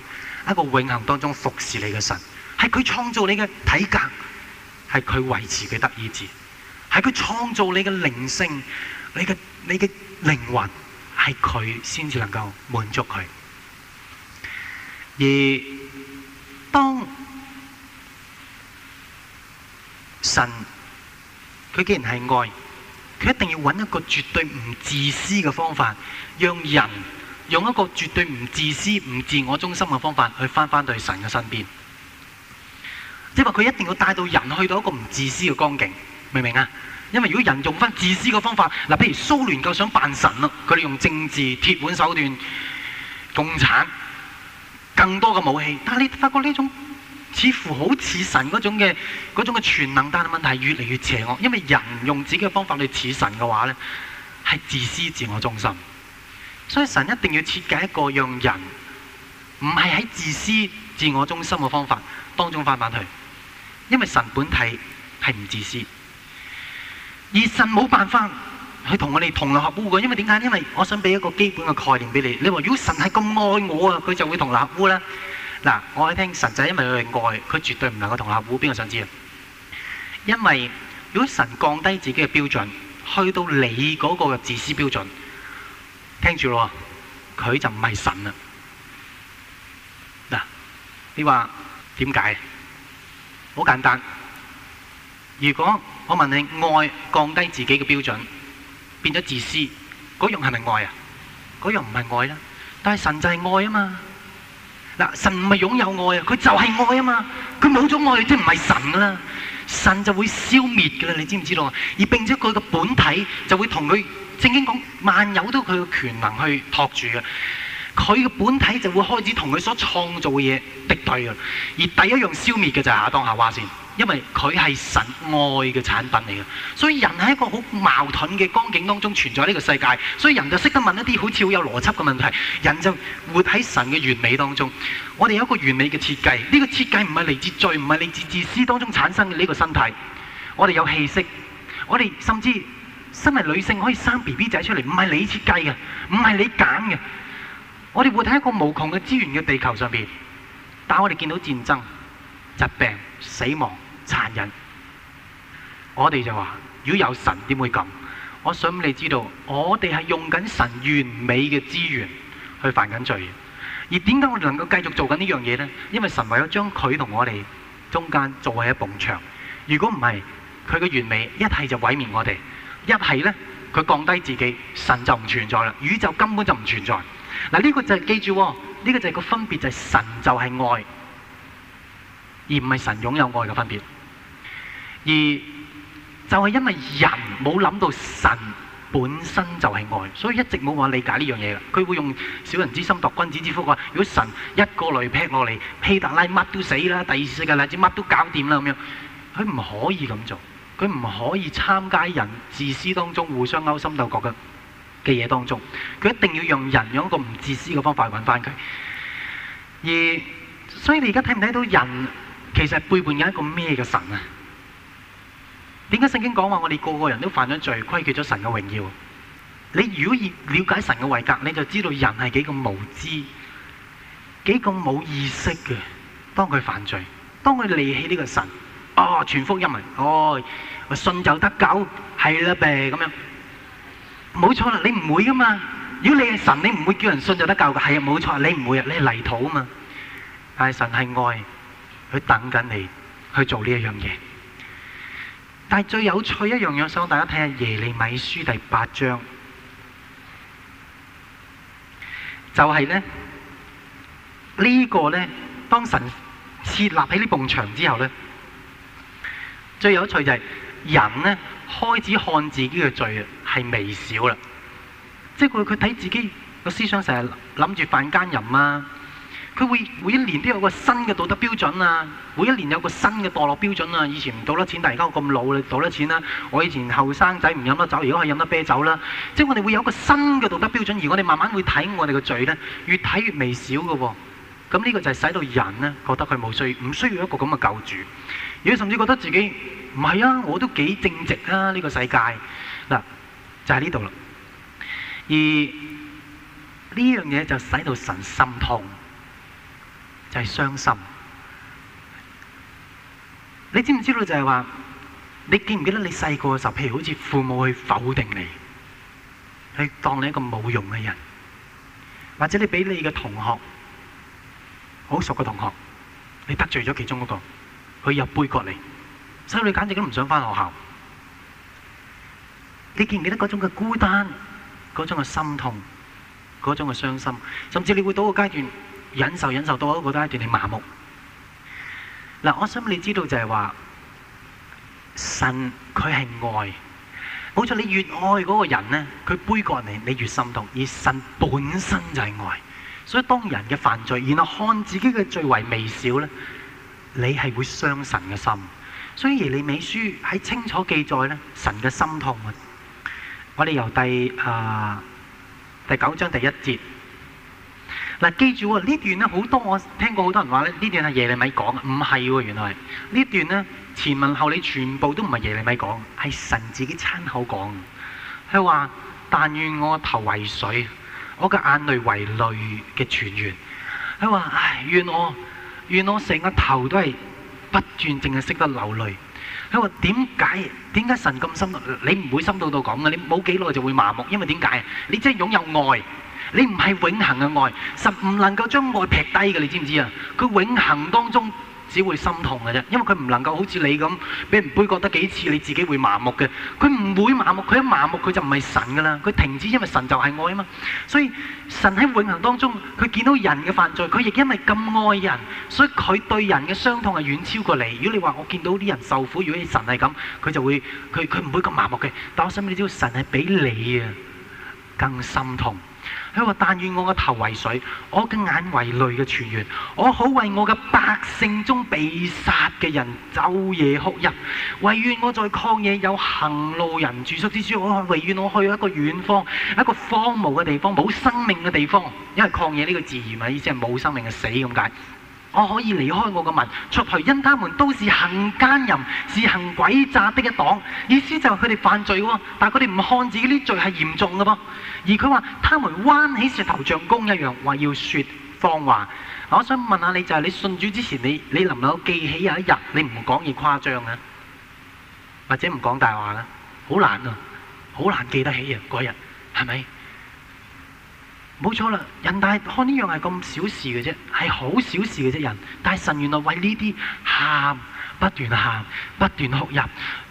一個永恆當中服侍你嘅神，係佢創造你嘅體格，係佢維持佢得意志，係佢創造你嘅靈性，你嘅你嘅靈魂係佢先至能夠滿足佢。而當神佢既然係愛，佢一定要揾一個絕對唔自私嘅方法，讓人用一個絕對唔自私、唔自我中心嘅方法去翻返到神嘅身邊。即係話佢一定要帶到人去到一個唔自私嘅光景，明唔明啊？因為如果人用翻自私嘅方法，嗱，譬如蘇聯夠想扮神啦，佢哋用政治鐵腕手段，共產。更多嘅武器，但係你發覺呢種似乎好似神嗰種嘅嗰種嘅全能，但係問題越嚟越邪惡，因為人用自己嘅方法去似神嘅話呢，係自私自我中心。所以神一定要設計一個讓人唔係喺自私自我中心嘅方法當中翻返去，因為神本體係唔自私，而神冇辦法。佢同我哋同流合污嘅，因為點解？因為我想俾一個基本嘅概念俾你。你話如果神係咁愛我啊，佢就會同流合污啦。嗱，我喺聽神就係因為佢愛，佢絕對唔能夠同流合污。邊個想知啊？因為如果神降低自己嘅標準，去到你嗰個自私標準，聽住咯，佢就唔係神啦。嗱，你話點解？好簡單。如果我問你愛降低自己嘅標準？變咗自私，嗰樣係咪愛啊？嗰樣唔係愛啦，但係神就係愛啊嘛！嗱，神唔係擁有愛啊，佢就係愛啊嘛！佢冇咗愛，即係唔係神啦。神就會消滅噶啦，你知唔知道啊？而並且佢個本體就會同佢正經講萬有都佢嘅權能去托住嘅。佢嘅本體就會開始同佢所創造嘅嘢敵對，而第一樣消滅嘅就係亞當夏娃先，因為佢係神愛嘅產品嚟嘅，所以人喺一個好矛盾嘅光景當中存在呢個世界，所以人就識得問一啲好似好有邏輯嘅問題。人就活喺神嘅完美當中，我哋有一個完美嘅設計，呢、這個設計唔係嚟自罪，唔係嚟自自私當中產生嘅呢個身體。我哋有氣息，我哋甚至身為女性可以生 B B 仔出嚟，唔係你設計嘅，唔係你揀嘅。我哋活喺一個無窮嘅資源嘅地球上面，但我哋見到戰爭、疾病、死亡、殘忍，我哋就話：如果有神，點會咁？我想你知道，我哋係用緊神完美嘅資源去犯緊罪，而點解我哋能夠繼續做緊呢樣嘢呢？因為神為咗將佢同我哋中間做為一埲牆。如果唔係，佢嘅完美一係就毀滅我哋，一係呢，佢降低自己，神就唔存在啦，宇宙根本就唔存在。嗱，呢個就係、是、記住，呢、這個就係個分別，就係神就係愛，而唔係神擁有愛嘅分別。而就係因為人冇諗到神本身就係愛，所以一直冇話理解呢樣嘢嘅。佢會用小人之心度君子之腹，話如果神一個雷劈落嚟，希特拉乜都死啦，第二次世界大戰乜都搞掂啦，咁樣佢唔可以咁做，佢唔可以參加人自私當中互相勾心鬥角嘅，嘅嘢當中，佢一定要用人用一個唔自私嘅方法去搵返佢。而所以你而家睇唔睇到人其實背叛緊一個咩嘅神啊？點解聖經講話我哋個個人都犯咗罪，虧缺咗神嘅榮耀？你如果要瞭解神嘅位格，你就知道人係幾咁無知，幾咁冇意識嘅。當佢犯罪，當佢離棄呢個神，哦全副入迷，哦信就得救，係啦唄咁樣。冇錯啦，你唔會噶嘛？如果你係神，你唔會叫人信就得救噶。係啊，冇錯，你唔會啊，你係泥土啊嘛。但係神係愛，佢等緊你去做呢一樣嘢。但係最有趣一樣嘢，我想大家睇下耶利米書第八章，就係咧，呢個咧，當神設立喺呢埲牆之後咧，最有趣就係人咧，開始看自己嘅罪係微小啦，即係佢佢睇自己個思想成日諗住犯奸淫啊，佢會每一年都有個新嘅道德標準啊，每一年有個新嘅墮落標準啊。以前唔賭得錢，但係而家我咁老啦賭得錢啦，啊。我以前後生仔唔飲得酒，而家可以飲得啤酒啦。即係我哋會有個新嘅道德標準，而我哋慢慢會睇我哋嘅罪呢，越睇越微小嘅喎，啊。咁呢個就係使到人呢覺得佢冇需唔需要一個咁嘅救主，如果甚至覺得自己。唔係啊！我都幾正直啊！呢個世界嗱就喺呢度啦。而呢樣嘢就使到神心痛，就係傷心。你知唔知道？就係話你記唔記得你細個嘅時候，譬如好似父母去否定你，去當你一個冇用嘅人，或者你俾你嘅同學好熟嘅同學，你得罪咗其中一個，佢又杯葛你。所以你簡直都唔想返學校。你記唔記得嗰種嘅孤單，嗰種嘅心痛，嗰種嘅傷心，甚至你會到個階段忍受忍受到一個階段你麻木。嗱，我想你知道就係話，神佢係愛，冇錯，你越愛嗰個人咧，佢背過你，你越心痛。而神本身就係愛，所以當人嘅犯罪，然後看自己嘅罪為微小咧，你係會傷神嘅心。所以耶利米書喺清楚記載咧，神嘅心痛啊！我哋由第啊、呃、第九章第一節嗱、啊，記住呢段咧，好多我聽過好多人話咧，呢段係耶利米講嘅，唔係喎，原來呢段呢，前文後理全部都唔係耶利米講，係神自己親口講。佢話但願我頭為水，我嘅眼淚為淚嘅泉源。佢話唉，願我願我成個頭都係。不斷淨係識得流淚，佢話點解？點解神咁深，你唔會深到到講噶，你冇幾耐就會麻木。因為點解？你即係擁有愛，你唔係永恆嘅愛，神唔能夠將愛劈低噶，你知唔知啊？佢永恆當中。只會心痛嘅啫，因為佢唔能夠好似你咁俾人杯葛得幾次，你自己會麻木嘅。佢唔會麻木，佢一麻木佢就唔係神噶啦。佢停止，因為神就係愛啊嘛。所以神喺永恆當中，佢見到人嘅犯罪，佢亦因為咁愛人，所以佢對人嘅傷痛係遠超過你。如果你話我見到啲人受苦，如果你神係咁，佢就會佢佢唔會咁麻木嘅。但我想俾你知道，神係比你啊更心痛。佢話：但願我嘅頭為水，我嘅眼為淚嘅泉源，我好為我嘅百姓中被殺嘅人晝夜哭泣。唯願我在曠野有行路人住宿之處，我唯願我去一個遠方，一個荒蕪嘅地方，冇生命嘅地方，因為曠野呢個字義嘛，意思係冇生命嘅死咁解。我可以離開我個民出去，因他們都是行奸淫、是行詭詐的一黨。意思就係佢哋犯罪喎，但係佢哋唔看自己啲罪係嚴重嘅噃。而佢話：他們彎起舌頭像弓一樣，話要説謊話。我想問下你，就係、是、你信主之前，你你能唔能夠記起有一日你唔講嘢誇張嘅，或者唔講大話咧？好難啊，好難記得起嘅嗰日係咪？冇錯啦，人大看呢樣係咁小事嘅啫，係好小事嘅啫。人，但係神原來為呢啲喊不斷喊不斷哭泣。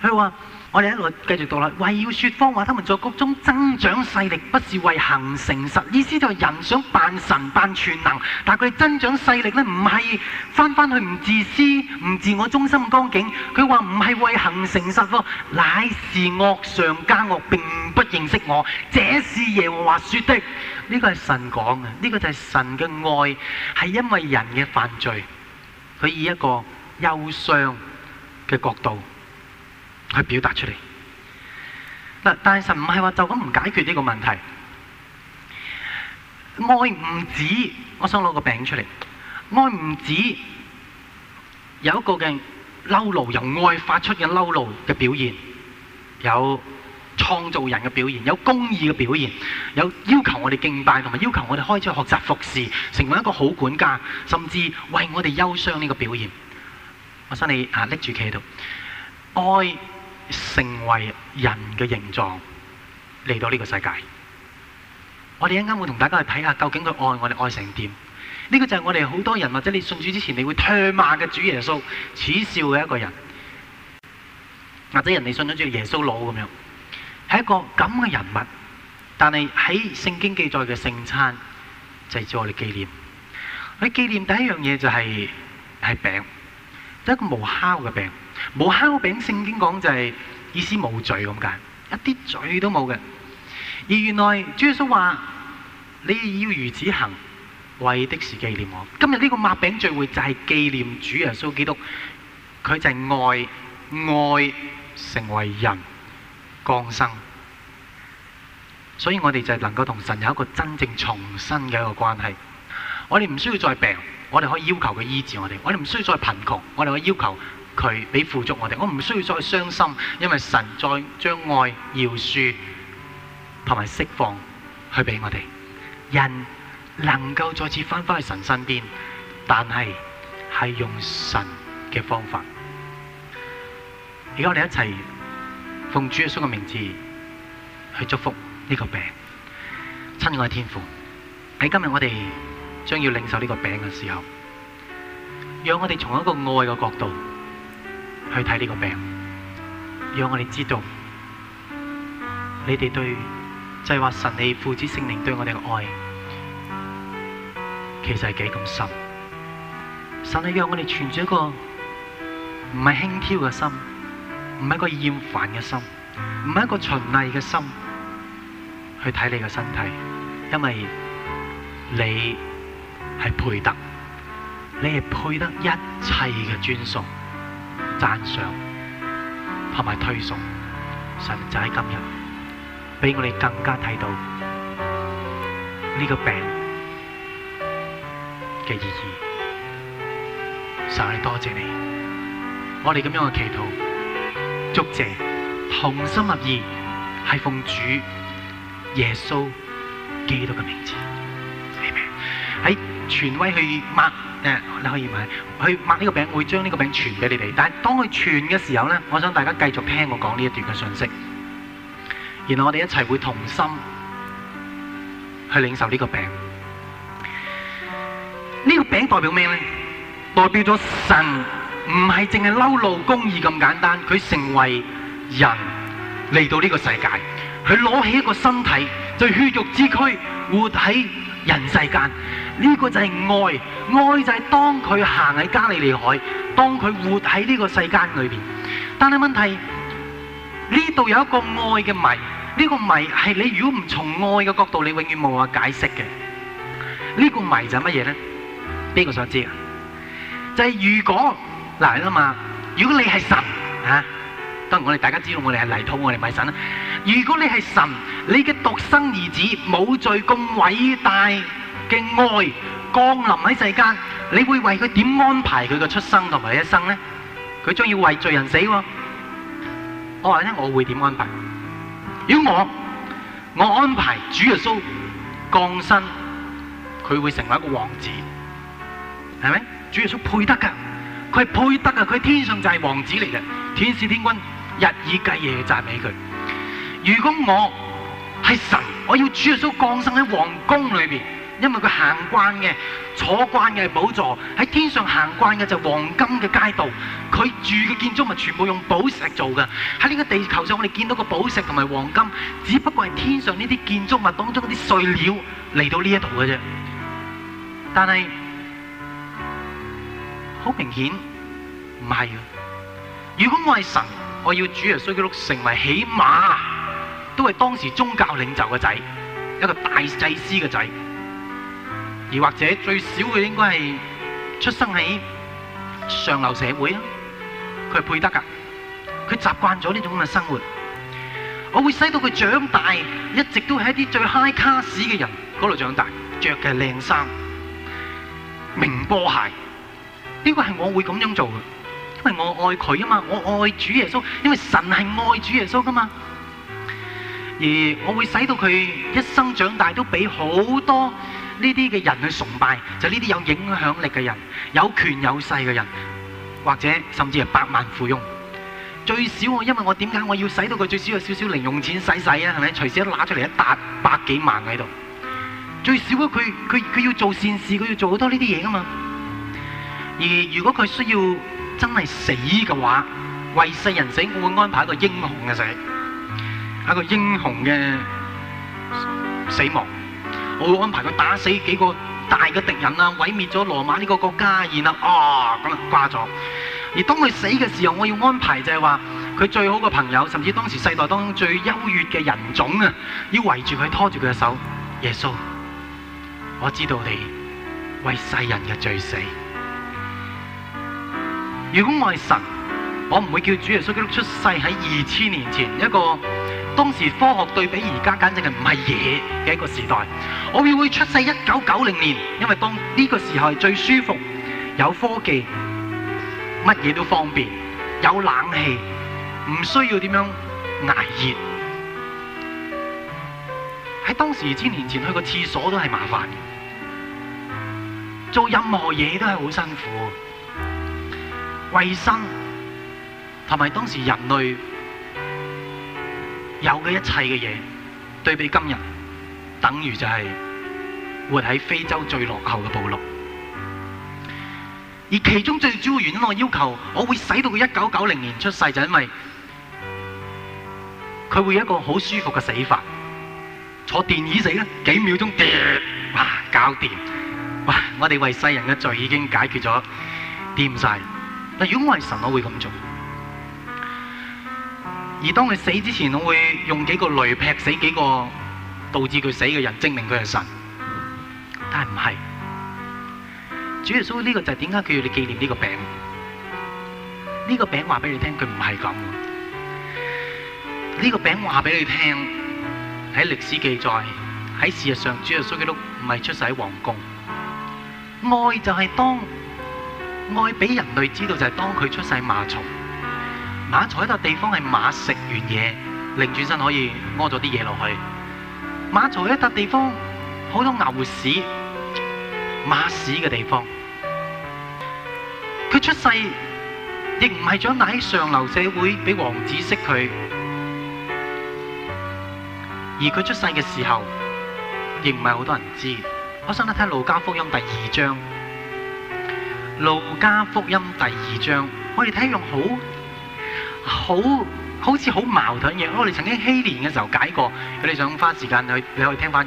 佢話：我哋一路繼續讀啦，為要説謊話，他們在國中增長勢力，不是為行誠實。意思就係人想扮神扮全能，但係佢增長勢力呢，唔係翻翻去唔自私、唔自我中心光景。佢話唔係為行誠實咯，乃是惡上加惡，並不認識我。這是耶和華説的。呢個係神講嘅，呢、這個就係神嘅愛，係因為人嘅犯罪，佢以一個憂傷嘅角度去表達出嚟。嗱，但係神唔係話就咁唔解決呢個問題。愛唔止，我想攞個餅出嚟。愛唔止有一個嘅嬲怒由愛發出嘅嬲怒嘅表現有，創造人嘅表現，有公義嘅表現，有要求我哋敬拜同埋要求我哋開始去學習服侍，成為一個好管家，甚至為我哋憂傷呢個表現。我想你啊，拎住企喺度，愛成為人嘅形狀嚟到呢個世界。我哋一陣會同大家去睇下，究竟佢愛我哋愛成點？呢、呢個就係我哋好多人或者你信主之前，你會唾罵嘅主耶穌，恥笑嘅一個人，或者人哋信咗之耶穌佬咁樣。係一個咁嘅人物，但係喺聖經記載嘅聖餐，就係做我哋紀念。佢紀念第一樣嘢就係、是、係餅，就是、一個無酵嘅餅，無酵餅。聖經講就係、是、意思冇罪咁解，一啲罪都冇嘅。而原來主耶穌話：你要如此行，為的是紀念我。今日呢個擘餅聚會就係紀念主耶穌基督，佢就係愛，愛成為人。降生，所以我哋就能夠同神有一個真正重生嘅一個關係。我哋唔需要再病，我哋可以要求佢醫治我哋；我哋唔需要再貧窮，我哋可以要求佢俾富足我哋；我唔需要再傷心，因為神再將愛饒恕同埋釋放去俾我哋。人能夠再次翻返去神身邊，但係係用神嘅方法。而家我哋一齊。用主耶穌嘅名字去祝福呢個餅，親愛天父，喺今日我哋將要領受呢個餅嘅時候，讓我哋從一個愛嘅角度去睇呢個餅，讓我哋知道你哋對就係、是、話神你父子聖靈對我哋嘅愛其實係幾咁深，神你讓我哋存住一個唔係輕佻嘅心。唔係一個厭煩嘅心，唔係一個循例嘅心去睇你嘅身體，因為你係配得，你係配得一切嘅尊崇、讚賞同埋推崇。神就喺今日俾我哋更加睇到呢個病嘅意義。神，我哋多謝你，我哋咁樣嘅祈禱。祝謝同心合意，係奉主耶穌基督嘅名字。喺權威去抹誒、呃，你可以唔係去抹呢個餅，會將呢個餅傳俾你哋。但係當佢傳嘅時候咧，我想大家繼續聽我講呢一段嘅信息。然後我哋一齊會同心去領受呢個餅。呢、這個餅代表咩咧？代表咗神。唔係淨係嬲路公義咁簡單，佢成為人嚟到呢個世界，佢攞起一個身體，就是、血肉之軀活喺人世間。呢、這個就係愛，愛就係當佢行喺加利利海，當佢活喺呢個世間裏邊。但係問題呢度有一個愛嘅謎，呢、這個謎係你如果唔從愛嘅角度，你永遠冇辦法解釋嘅。這個、呢個謎就係乜嘢咧？邊個想知啊？就係、是、如果。嗱啦嘛，如果你係神呀，當然我哋大家知道我哋係泥土，我哋唔係神啦。如果你係神，你嘅獨生兒子冇罪咁偉大嘅愛降臨喺世間，你會為佢點安排佢嘅出生同埋一生咧？佢將要為罪人死喎。我話咧，我會點安排？如果我我安排主耶穌降生，佢會成為一個王子，係咪？主耶穌配得㗎。佢係配得啊！佢喺天上就係王子嚟嘅，天使天君日以繼夜讚美佢。如果我係神，我要至少降生喺皇宮裏邊，因為佢行慣嘅，坐慣嘅係寶座，喺天上行慣嘅就係黃金嘅街道，佢住嘅建築物全部用寶石做嘅。喺呢個地球上，我哋見到嘅寶石同埋黃金，只不過係天上呢啲建築物當中啲碎料嚟到呢一度嘅啫。但係好明顯。唔係咯，如果我係神，我要主耶穌基督成為，起碼都係當時宗教領袖嘅仔，一個大祭司嘅仔，而或者最少佢應該係出生喺上流社會啊，佢係配得㗎，佢習慣咗呢種咁嘅生活，我會使到佢長大，一直都喺一啲最 high class 嘅人嗰度長大，著嘅靚衫、名波鞋，呢個係我會咁樣做嘅。因為我愛佢啊嘛，我愛主耶穌，因為神係愛主耶穌噶嘛。而我會使到佢一生長大都俾好多呢啲嘅人去崇拜，就呢啲有影響力嘅人，有權有勢嘅人，或者甚至係百萬富翁。最少我因為我點解我要使到佢最少有少少零用錢使使啊？係咪隨時都拿出嚟，一笪百幾萬喺度？最少佢佢佢要做善事，佢要做好多呢啲嘢噶嘛。而如果佢需要，真係死嘅話，為世人死，我會安排一個英雄嘅死，一個英雄嘅死亡。我會安排佢打死幾個大嘅敵人啊，毀滅咗羅馬呢個國家，然後啊咁啊掛咗。而當佢死嘅時候，我要安排就係話，佢最好嘅朋友，甚至當時世代當中最優越嘅人種啊，要圍住佢，拖住佢嘅手。耶穌，我知道你為世人嘅罪死。如果我係神，我唔會叫主耶穌出世喺二千年前，一個當時科學對比而家簡直係唔係嘢嘅一個時代。我會會出世一九九零年，因為當呢個時候係最舒服，有科技，乜嘢都方便，有冷氣，唔需要點樣捱熱。喺當時二千年前去個廁所都係麻煩嘅，做任何嘢都係好辛苦。衛生同埋當時人類有嘅一切嘅嘢，對比今日，等於就係活喺非洲最落後嘅部落。而其中最主要原因，我要求我會使到佢一九九零年出世，就是、因為佢會有一個好舒服嘅死法，坐電椅死咧，幾秒鐘掉，哇，搞掂！哇，我哋為世人嘅罪已經解決咗，掂晒。嗱，如果我係神，我會咁做。而當佢死之前，我會用幾個雷劈死幾個導致佢死嘅人，證明佢係神。但係唔係。主耶穌呢個就係點解佢要你紀念呢個餅？呢個餅話俾你聽，佢唔係咁。呢個餅話俾你聽，喺歷史記載，喺事實上，主耶穌基督唔係出世喺皇宮。愛就係當。愛俾人類知道就係、是、當佢出世馬槽。馬槽一笪地方係馬食完嘢，擰轉身可以屙咗啲嘢落去。馬槽一笪地方，好多牛屎、馬屎嘅地方。佢出世亦唔係長大喺上流社會俾王子識佢，而佢出世嘅時候亦唔係好多人知。我想咧睇《路加福音》第二章。路加福音第二章，我哋睇一樣好好好似好矛盾嘅。我哋曾經希年嘅時候解過，佢哋想花時間去，你可以聽翻，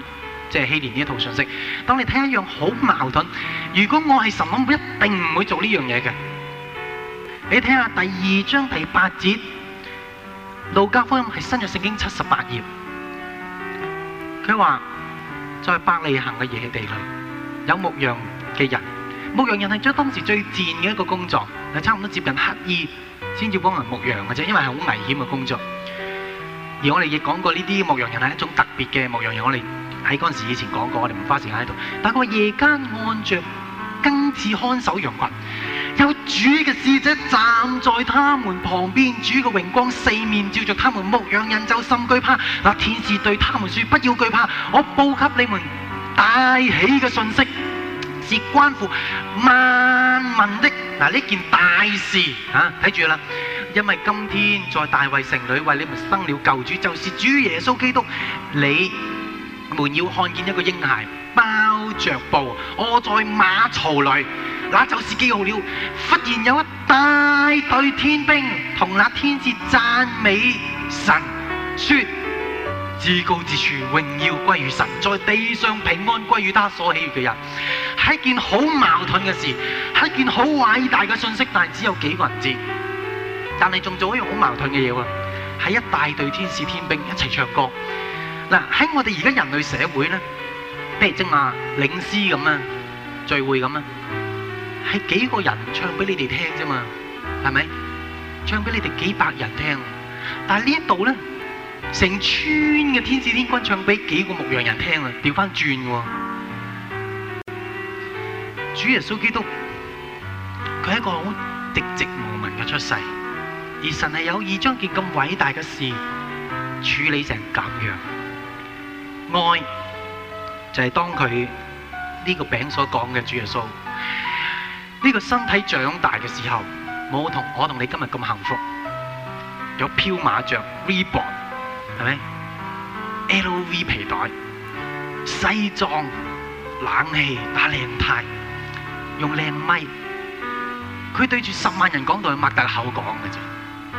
即係希年呢一套信息。當你睇一樣好矛盾，如果我係神，我一定唔會做呢樣嘢嘅。你聽下第二章第八節，路加福音係新約聖經七十八頁，佢話在伯利恆嘅野地裏有牧羊嘅人。牧羊人係在當時最賤嘅一個工作，係差唔多接近乞丐先至幫人牧羊嘅啫，因為係好危險嘅工作。而我哋亦講過呢啲牧羊人係一種特別嘅牧羊人。我哋喺嗰陣時以前講過，我哋唔花時間喺度。但係夜間按着更次看守羊群，有主嘅使者站在他們旁邊，主嘅榮光四面照著他們。牧羊人就甚懼怕。嗱，天使對他們説：不要懼怕，我報給你們大喜嘅信息。是關乎萬民的，呢件大事，睇住啦。因為今天在大衛城裏為你們生了救主，就是主耶穌基督。你們要看見一個嬰孩包着布臥在馬槽裏，那就是記號了。忽然有一大隊天兵同那天使讚美神說，至高之處榮耀歸於神，在地上平安歸於他所喜悅嘅人。係一件好矛盾嘅事，係一件好偉大嘅信息，但係只有幾個人知。但係仲做一樣好矛盾嘅嘢喎，係一大堆天使天兵一齊唱歌。嗱，喺我哋而家人類社會咧，咩即係啊領詩咁啊聚會咁啊，係幾個人唱俾你哋聽啫嘛，係咪？唱俾你哋幾百人聽，但係呢一度咧，成村嘅天使天軍唱俾幾個牧羊人聽啊，調翻轉喎。主耶穌基督，佢係一個好籍籍無名嘅出世，而神係有意將一件咁偉大嘅事處理成咁樣。愛就係當佢呢個餅所講嘅主耶穌，呢個身體長大嘅時候，冇同我同你今日咁幸福，有飄馬著 rebound，係咪？LV 皮帶、西裝、冷氣、打領帶。用靚麥，佢對住十萬人講道係擘大口講嘅啫。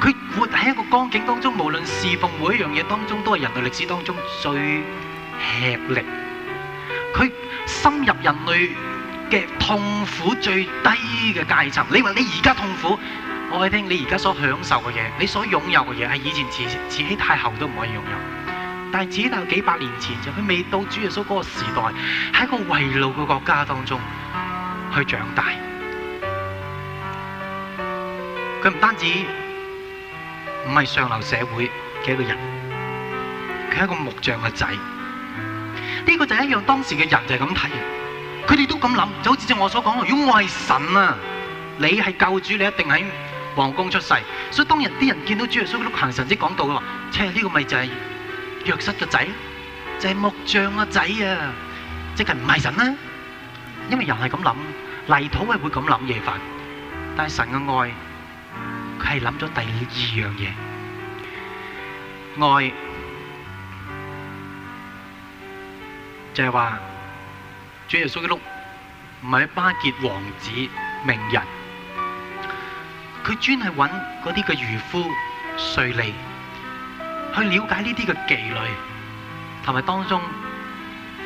佢活喺一個光景當中，無論侍奉每一樣嘢當中，都係人類歷史當中最吃力。佢深入人類嘅痛苦最低嘅階層。你話你而家痛苦，我話你聽，你而家所享受嘅嘢，你所擁有嘅嘢，係以前慈慈禧太后都唔可以擁有嘅。但係，只但幾百年前就佢未到主耶穌嗰個時代，喺一個遺老嘅國家當中去長大。佢唔單止唔係上流社會嘅一個人，佢係一個木匠嘅仔。呢、這個就係一樣當時嘅人就係咁睇嘅。佢哋都咁諗，就好似我所講，如果我係神啊，你係救主，你一定喺皇宮出世。所以當日啲人見到主耶穌碌行神即講道嘅話，車呢個咪就係。約瑟個仔就係木匠個仔啊，即係唔係神啊，因為人係咁諗，泥土係會咁諗嘢法，但係神嘅愛佢係諗咗第二樣嘢，愛就係話主耶穌基督唔係巴結王子名人，佢專係揾嗰啲嘅漁夫稅吏。去了解呢啲嘅伎倆，同埋當中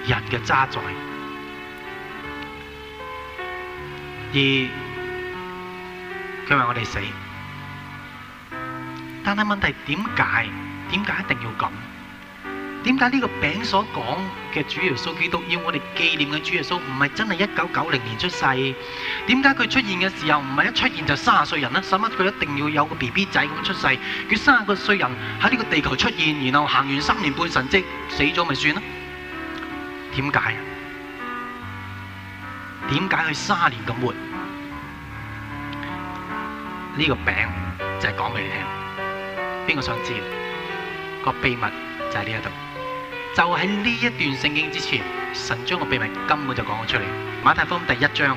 人嘅詐在，而佢為我哋死，但係問題係點解？點解一定要咁？點解呢個餅所講嘅主耶穌基督要我哋紀念嘅主耶穌，唔係真係一九九零年出世？點解佢出現嘅時候唔係一出現就三十歲人呢？使乜佢一定要有個 BB 仔咁出世？佢三十個歲人喺呢個地球出現，然後行完三年半神蹟，死咗咪算啦？點解？點解佢三年咁活？呢個餅就係講俾你聽，邊個想知？個秘密就喺呢一度。就喺呢一段聖經之前，神將個秘密根本就講咗出嚟。馬太福音第一章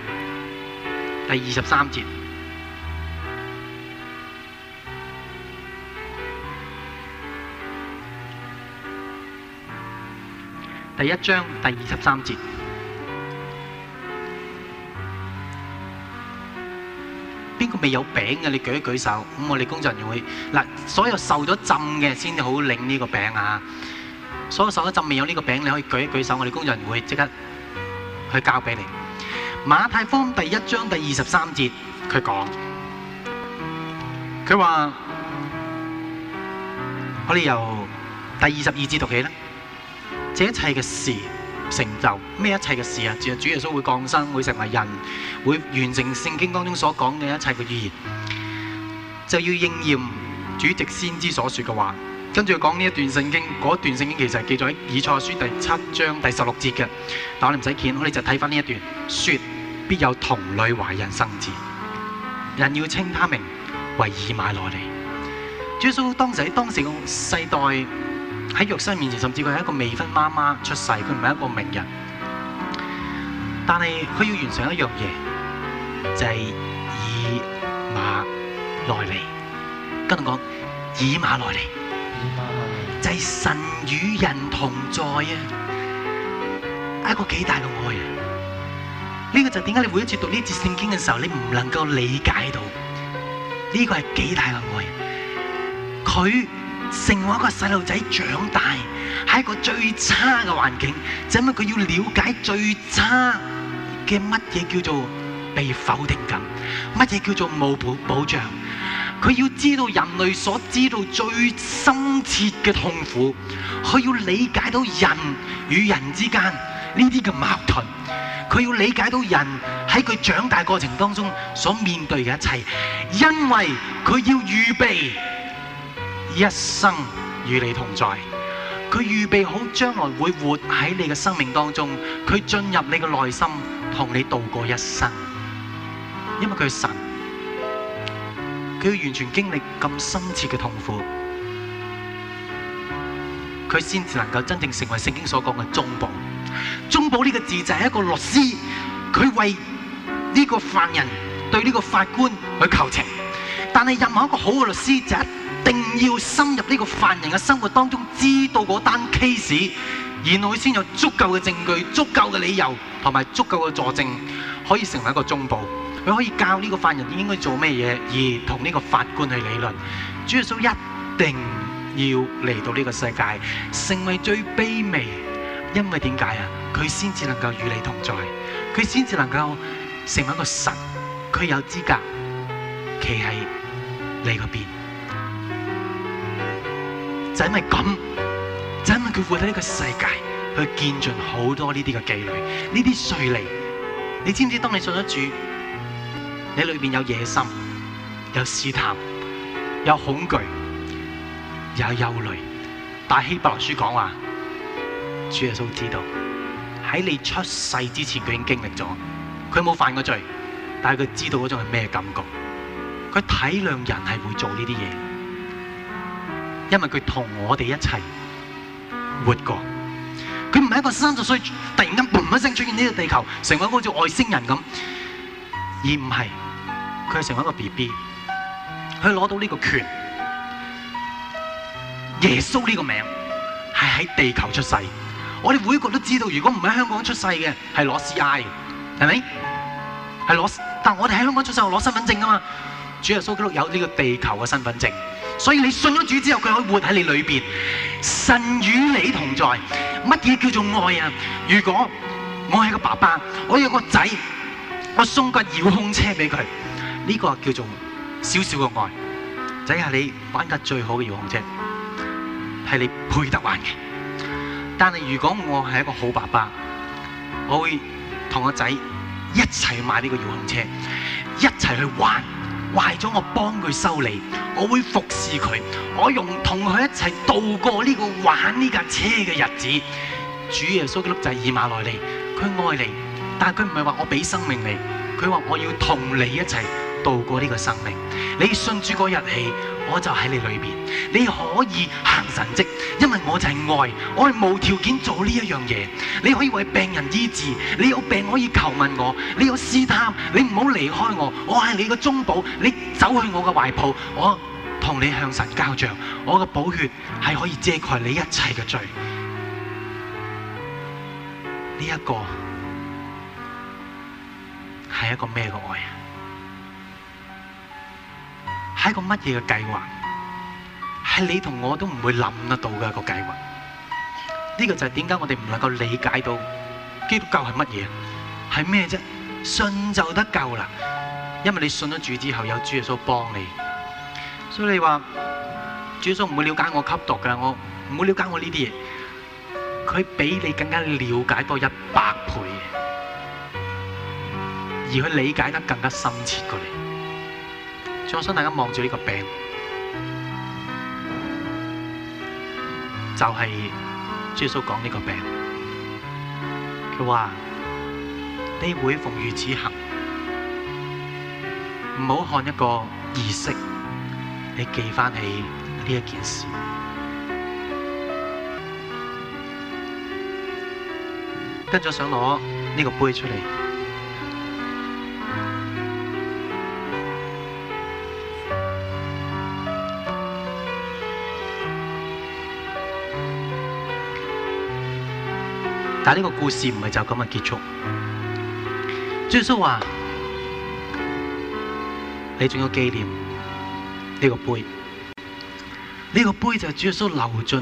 第二十三節，第一章第二十三節，邊個未有餅嘅？你舉一舉手。咁我哋工作人員會。嗱，所有受咗浸嘅先至好領呢個餅啊！所有手都浸未有呢個餅，你可以舉一舉手，我哋工作人員即刻去交俾你。馬太福音第一章第二十三節，佢講：佢話，我哋由第二十二節讀起啦。這一切嘅事成就咩？咩一切嘅事啊？就主耶穌會降生，會成為人，會完成聖經當中所講嘅一切嘅預言，就要應驗主席先知所說嘅話。跟住講呢一段聖經，嗰一段聖經其實係記載喺《以賽書》第七章第十六節嘅。但我哋唔使見，我哋就睇翻呢一段：説必有童女懷孕生子，人要稱他名為以馬內利。耶穌當時喺當時嘅世代喺肉身面前，甚至佢係一個未婚媽媽出世，佢唔係一個名人。但係佢要完成一樣嘢，就係以馬內利。跟住講以馬內利。神與人同在啊，係一個幾大嘅愛啊！呢、這個就點解你每一次讀呢節聖經嘅時候，你唔能夠理解到呢、這個係幾大嘅愛、啊？佢成為一個細路仔長大，喺一個最差嘅環境，就因為佢要了解最差嘅乜嘢叫做被否定感，乜嘢叫做冇保保障？佢要知道人類所知道最深切嘅痛苦，佢要理解到人與人之間呢啲嘅矛盾，佢要理解到人喺佢長大過程當中所面對嘅一切，因為佢要預備一生與你同在，佢預備好將來會活喺你嘅生命當中，佢進入你嘅內心同你度過一生，因為佢係神。佢要完全經歷咁深切嘅痛苦，佢先至能夠真正成為聖經所講嘅中保。中保呢個字就係一個律師，佢為呢個犯人對呢個法官去求情。但係任何一個好嘅律師就一定要深入呢個犯人嘅生活當中，知道嗰單 case，然後佢先有足夠嘅證據、足夠嘅理由同埋足夠嘅佐證，可以成為一個中保。佢可以教呢個犯人應該做咩嘢，而同呢個法官去理論。主耶穌一定要嚟到呢個世界，成為最卑微，因為點解啊？佢先至能夠與你同在，佢先至能夠成為一個神，佢有資格，企喺你嗰邊。就係因為咁，就因為佢會喺呢個世界，去見盡好多呢啲嘅妓女，呢啲稅吏。你知唔知當你信咗主？你裏面有野心，有試探，有恐懼，有憂慮。但係希伯來書講話，主耶穌知道喺你出世之前佢已經經歷咗，佢冇犯過罪，但係佢知道嗰種係咩感覺，佢體諒人係會做呢啲嘢，因為佢同我哋一齊活過，佢唔係一個三十歲突然間嘣一聲出現呢個地球，成為好似外星人咁。而唔係佢係成為一個 BB，佢攞到呢個權。耶穌呢個名係喺地球出世。我哋每個都知道，如果唔喺香港出世嘅係攞 CI，係咪？係攞，但我哋喺香港出世，我攞身份證啊嘛。主耶穌基督有呢個地球嘅身份證，所以你信咗主之後，佢可以活喺你裏邊。神與你同在，乜嘢叫做愛啊？如果我係個爸爸，我有個仔。我送個遙控車俾佢，呢、這個叫做少少嘅愛。就係你玩架最好嘅遙控車，係你配得玩嘅。但係如果我係一個好爸爸，我會同我仔一齊買呢個遙控車，一齊去玩。壞咗我幫佢修理，我會服侍佢。我用同佢一齊度過呢個玩呢架車嘅日子。主耶穌嘅粒仔以馬內利，佢愛你。但佢唔係話我俾生命你，佢話我要同你一齊度過呢個生命。你信主嗰日起，我就喺你裏邊。你可以行神蹟，因為我就係愛，我係無條件做呢一樣嘢。你可以為病人醫治，你有病可以求問我。你有試探，你唔好離開我，我係你嘅中保。你走去我嘅懷抱，我同你向神交賬。我嘅寶血係可以遮蓋你一切嘅罪。呢一個係一個咩嘅愛啊？係一個乜嘢嘅計劃？係你同我都唔會諗得到嘅一個計劃。呢個就係點解我哋唔能夠理解到基督教係乜嘢？係咩啫？信就得救啦，因為你信咗主之後，有主耶穌幫你。所以你話，主耶穌唔會了解我吸毒㗎，我唔會了解我呢啲嘢。佢比你更加了解多一百倍。而佢理解得更加深切過嚟。再想大家望住呢個餅，就係耶穌講呢個餅。佢話：你每逢如此行，唔好看一個儀式，你記翻起呢一件事。跟住想攞呢個杯出嚟。但係呢個故事唔係就咁啊結束。耶穌話：你仲要紀念呢個杯？呢、這個杯就係耶穌流盡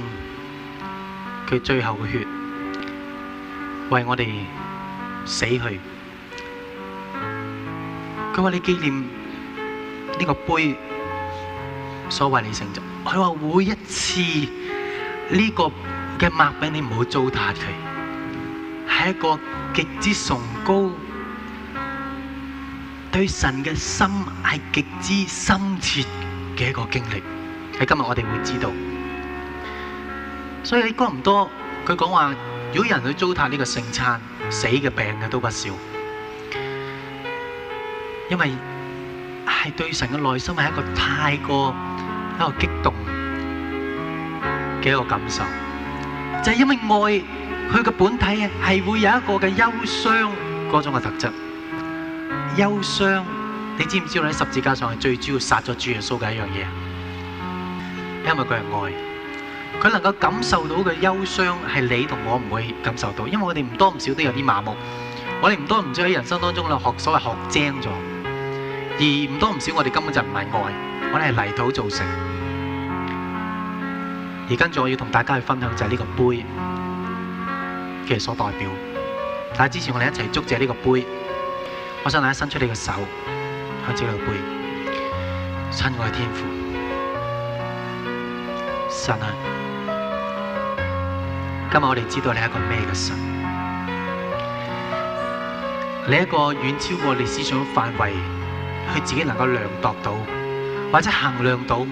佢最後嘅血，為我哋死去。佢話你紀念呢個杯，所謂你成就。佢話每一次呢個嘅擘餅，你唔好糟蹋佢。係一個極之崇高對神嘅心，係極之深切嘅一個經歷。喺今日我哋會知道，所以講唔多。佢講話，如果人去糟蹋呢個聖餐，死嘅病嘅都不少，因為係對神嘅內心係一個太過一個激動嘅一個感受，就係因為愛。佢個本體啊，係會有一個嘅憂傷嗰種嘅特質。憂傷，你知唔知道？十字架上係最主要殺咗主耶穌嘅一樣嘢啊！因為佢係愛，佢能夠感受到嘅憂傷係你同我唔會感受到，因為我哋唔多唔少都有啲麻木，我哋唔多唔少喺人生當中啦，學所謂學精咗，而唔多唔少我哋根本就唔係愛，我哋係泥土造成。而跟住我要同大家去分享就係呢個杯。其實所代表，但係之前我哋一齊捉住呢個杯，我想大家伸出你個手，向這個杯，親愛的天父，神啊，今日我哋知道你係一個咩嘅神？你一個遠超過歷史上嘅範圍，佢自己能夠量度到或者衡量到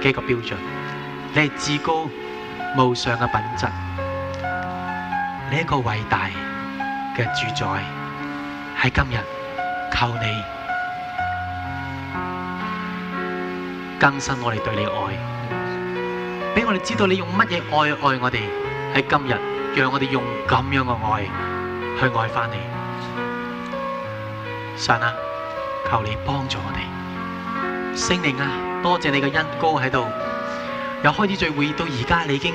嘅一個標準，你係至高無上嘅品質。你呢個偉大嘅主宰喺今日，求你更新我哋對你愛，俾我哋知道你用乜嘢愛愛我哋喺今日，讓我哋用咁樣嘅愛去愛返你，神啊，求你幫助我哋，聖靈啊，多謝你嘅恩膏喺度，由開始聚會到而家你已經。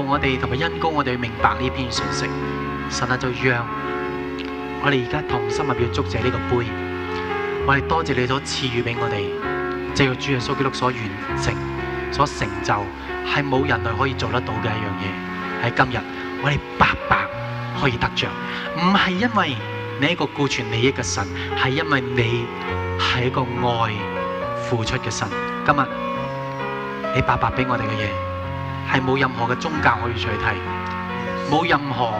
我哋同埋因公，我哋要明白呢篇信息。神啊，就讓我哋而家同心合力祝謝呢個杯。我哋多謝你所賜予俾我哋，借住主耶穌基督所完成、所成就，係冇人類可以做得到嘅一樣嘢。喺今日，我哋白白可以得着，唔係因為你一個顧全利益嘅神，係因為你係一個愛付出嘅神。今日你白白俾我哋嘅嘢。係冇任何嘅宗教可以取替，冇任何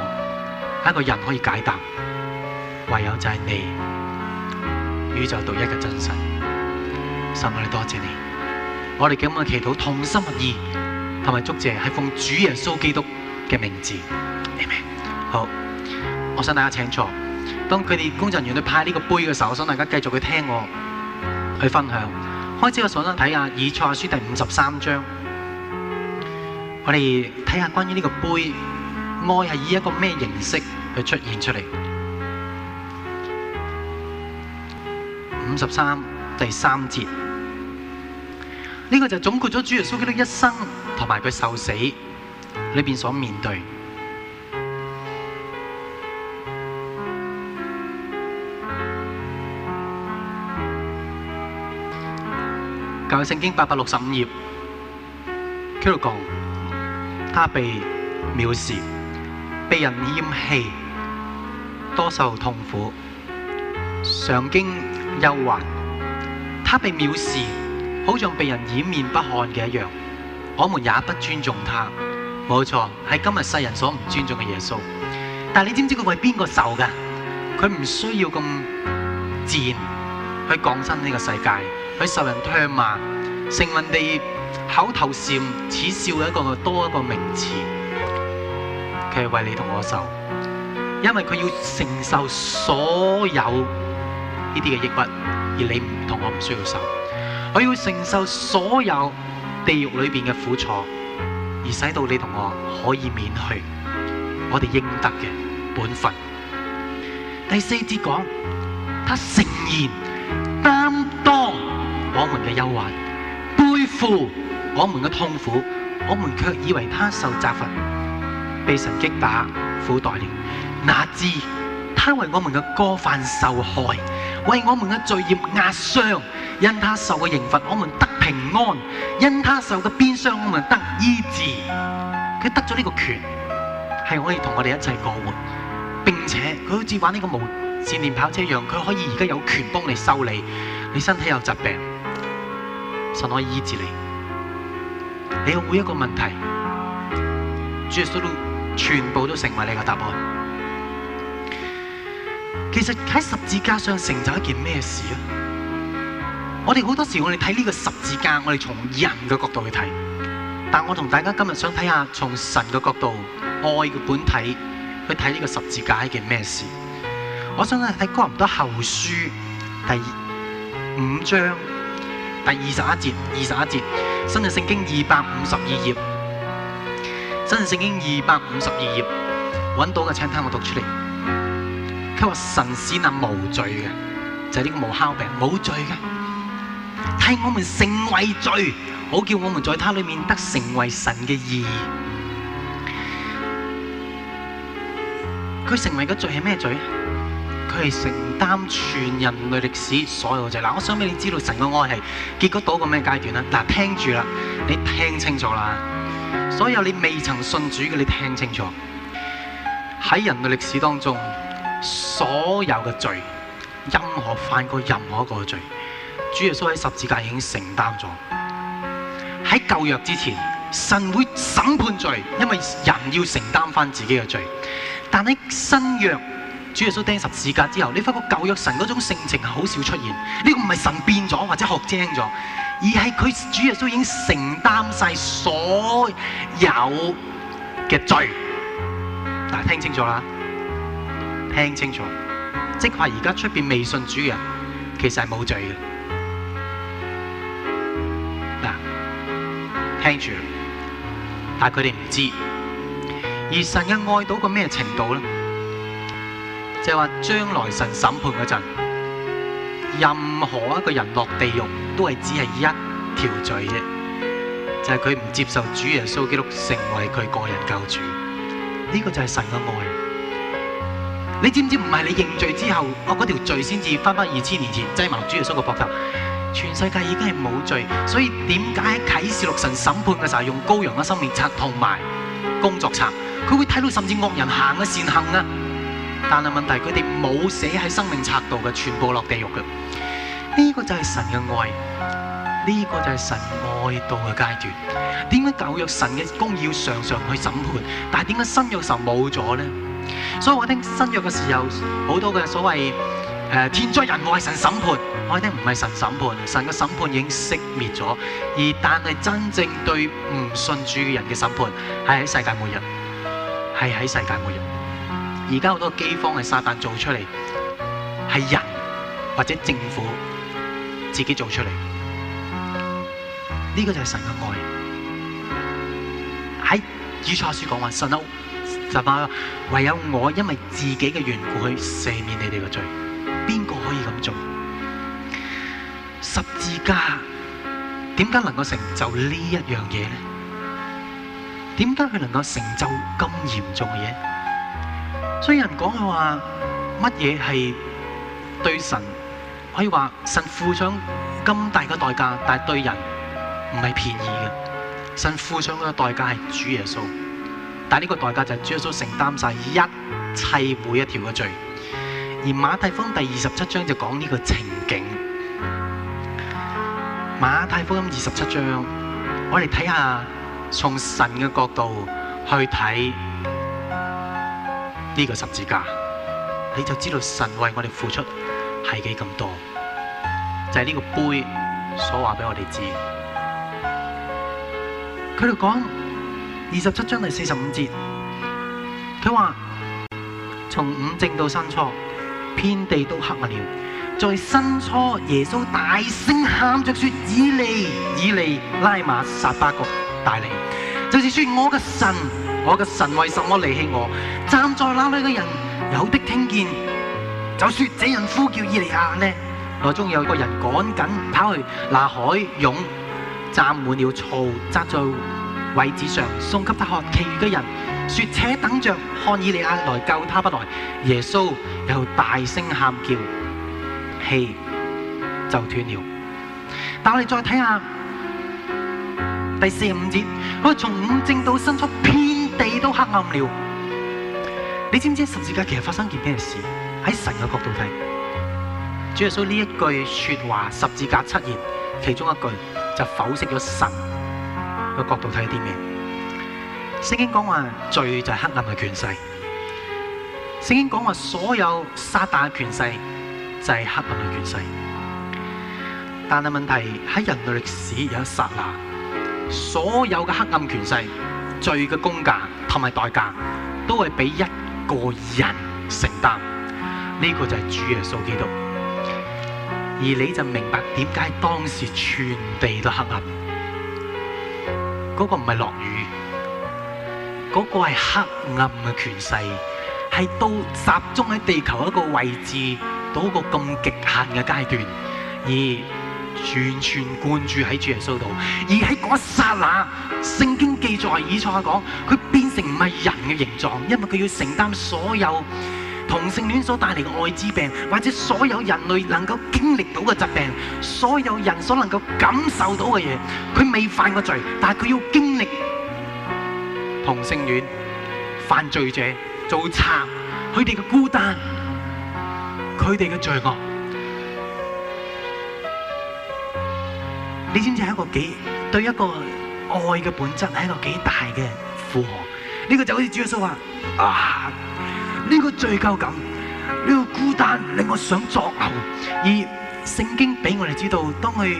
一個人可以解答，唯有就係你，宇宙獨一嘅真神。神啊，我哋多謝你，我哋今日祈禱同心合意，同埋祝謝係奉主耶穌基督嘅名字，阿們。好，我想大家請坐。當佢哋工作人員去派呢個杯嘅時候，我想大家繼續去聽我去分享。開始我首先睇下以賽亞書第五十三章。我哋睇下關於呢個杯，愛係以一個咩形式去出現出嚟？五十三第三節，呢、這個就總括咗主耶穌基督一生同埋佢受死裏面所面對的。教會聖經八百六十五頁，佢 講樂。他被藐視，被人厭棄，多受痛苦，常經憂患。他被藐視，好像被人掩面不看嘅一樣，我們也不尊重他。冇錯，係今日世人所唔尊重嘅耶穌。但你知唔知佢為邊個受嘅？佢唔需要咁賤去降生呢個世界，去受人唾罵、聲聞地。口頭禪、恥笑嘅一個多一個名詞，佢係為你同我受，因為佢要承受所有呢啲嘅抑鬱，而你唔同我唔需要受。佢要承受所有地獄裏邊嘅苦楚，而使到你同我可以免去我哋應得嘅本分。第四節講，他誠然擔當我們嘅憂患。背負我們嘅痛苦，我們卻以為他受責罰，被神擊打，苦待了。哪知他為我們嘅過犯受害，為我們嘅罪孽壓傷。因他受嘅刑罰，我們得平安；因他受嘅鞭傷，我們得醫治。佢得咗呢個權，係可以同我哋一齊過活，並且佢好似玩呢個無線電跑車一樣，佢可以而家有權幫你修理你身體有疾病。神可以醫治你，你有每一個問題，主耶穌全部都成為你嘅答案。其實喺十字架上成就一件咩事啊？我哋好多時，我哋睇呢個十字架，我哋從人嘅角度去睇。但我同大家今日想睇下，從神嘅角度、愛嘅本體去睇呢個十字架係一件咩事。我想咧睇哥林多後書第五章。第二十一節，二十一節，新約聖經二百五十二頁，新約聖經二百五十二頁，揾到嘅，請聽我讀出嚟。佢話神使那無罪嘅，就係、是、呢個無酵餅無罪嘅，替我們成為罪，好叫我們在他裏面得成為神嘅義。佢成為嘅罪係咩罪？佢係承擔全人類歷史所有嘅罪，嗱，我想俾你知道神嘅愛係結果到個咩階段咧？嗱，聽住啦，你聽清楚啦。所有你未曾信主嘅，你聽清楚。喺人類歷史當中，所有嘅罪，任何犯過任何一個罪，主耶穌喺十字架已經承擔咗。喺舊約之前，神會審判罪，因為人要承擔翻自己嘅罪。但喺新約。主耶穌釘十字架之後，你發覺舊約神嗰種性情好少出現。呢個唔係神變咗或者學精咗，而係佢主耶穌已經承擔晒所有嘅罪。大家聽清楚啦，聽清楚。即係話而家出邊未信主人，其實係冇罪嘅。嗱，聽住，但係佢哋唔知。而神嘅愛到個咩程度咧？就係話將來神審判嗰陣，任何一個人落地獄都係只係一條罪啫。就係佢唔接受主耶穌基督成為佢個人救主，呢、這個就係神嘅愛。你知唔知唔係你認罪之後，我、啊、嗰條罪先至翻返二千年前擠埋主耶穌嘅膊頭，全世界已經係冇罪。所以點解喺啟示六錄神審判嘅時候用高揚嘅生命冊同埋工作冊，佢會睇到甚至惡人行嘅善行呢？但係問題，佢哋冇寫喺生命冊度嘅，全部落地獄嘅。呢、這個就係神嘅愛，呢、這個就係神愛到嘅階段。點解舊約神嘅公義要常常去審判？但係點解新約神冇咗呢？所以我聽新約嘅時候，好多嘅所謂誒、呃、天災人禍，神審判。我聽唔係神審判，神嘅審判已經熄滅咗。而但係真正對唔信主嘅人嘅審判，係喺世界末日，係喺世界末日。而家好多饑荒係撒旦做出嚟，係人或者政府自己做出嚟。呢個就係神嘅愛。喺《以賽亞書》講話，神啊神啊，唯有我因為自己嘅緣故去赦免你哋嘅罪。邊個可以咁做？十字架點解能夠成就呢一樣嘢咧？點解佢能夠成就咁嚴重嘅嘢？所以人講嘅話，乜嘢係對神可以話神付上咁大嘅代價，但係對人唔係便宜嘅。神付上嗰個代價係主耶穌，但係呢個代價就係主耶穌承擔晒一切每一條嘅罪。而馬太福音第二十七章就講呢個情景。馬太福音二十七章，我哋睇下從神嘅角度去睇。呢個十字架，你就知道神為我哋付出係幾咁多，就係、是、呢個杯所話俾我哋知。佢哋講二十七章第四十五節，佢話從午正到申初，遍地都黑暗了。在申初，耶穌大聲喊着說：以利，以利，拉馬撒巴各大利，就是說我嘅神。我嘅神為什麼離棄我？站在那裏嘅人有的聽見，就説：這人呼叫以利亞呢？內中有個人趕緊跑去那海湧，站滿了醋紮在位置上，送給他喝。其餘嘅人説：且等着看以利亞來救他不來。耶穌又大聲喊叫，氣就斷了。但我哋再睇下第四、五節，佢從五正到伸出、P 地都黑暗了，你知唔知十字架其實發生件咩事？喺神嘅角度睇，主耶穌呢一句說話，十字架七言，其中一句就否釋咗神個角度睇啲咩？聖經講話罪就係黑暗嘅權勢，聖經講話所有撒旦嘅權勢就係黑暗嘅權勢。但係問題喺人類歷史有一剎那，所有嘅黑暗權勢。罪嘅工價同埋代價都係俾一個人承擔，呢、這個就係主耶穌基督。而你就明白點解當時全地都黑暗，嗰、那個唔係落雨，嗰、那個係黑暗嘅權勢，係到集中喺地球一個位置到一個咁極限嘅階段，而。完全灌注喺主耶穌度，而喺嗰一剎那，聖經記載以賽亞講佢變成唔係人嘅形狀，因為佢要承擔所有同性戀所帶嚟嘅艾滋病，或者所有人類能夠經歷到嘅疾病，所有人所能夠感受到嘅嘢，佢未犯過罪，但係佢要經歷同性戀犯罪者做賊，佢哋嘅孤單，佢哋嘅罪惡。你知唔知係一個幾對一個愛嘅本質係一個幾大嘅負荷？呢個就好似主耶穌話：啊，呢個罪疚感，呢個孤單令我想作嘔。而聖經俾我哋知道，當佢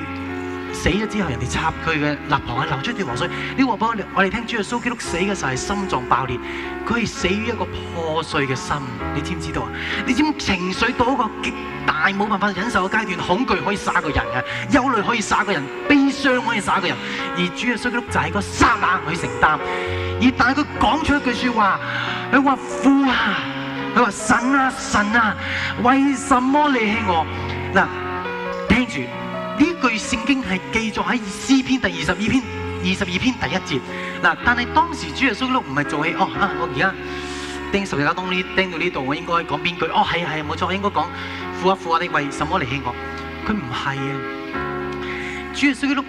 死咗之後，人哋插佢嘅立旁啊，流出啲黃水。呢個我我哋聽主耶穌基督死嘅時候係心臟爆裂，佢係死於一個破碎嘅心。你知唔知道啊？你知唔知情緒到一個極大冇辦法忍受嘅階段，恐懼可以殺一個人嘅，憂慮可以殺一個人，悲傷可以殺一個人。而主耶穌基督就喺嗰剎那去承擔。而但係佢講出一句説話，佢話父啊，佢話神啊神啊，為什麼你棄我嗱？聽住。呢句聖經係記載喺詩篇第二十二篇二十二篇第一節嗱，但係當時主耶穌基督唔係做戲哦，我而家釘十字架，當你釘到呢度，我應該講邊句哦？係係冇錯，應該講父啊父啊，你、啊啊、為什麼離棄我？佢唔係啊！主耶穌基督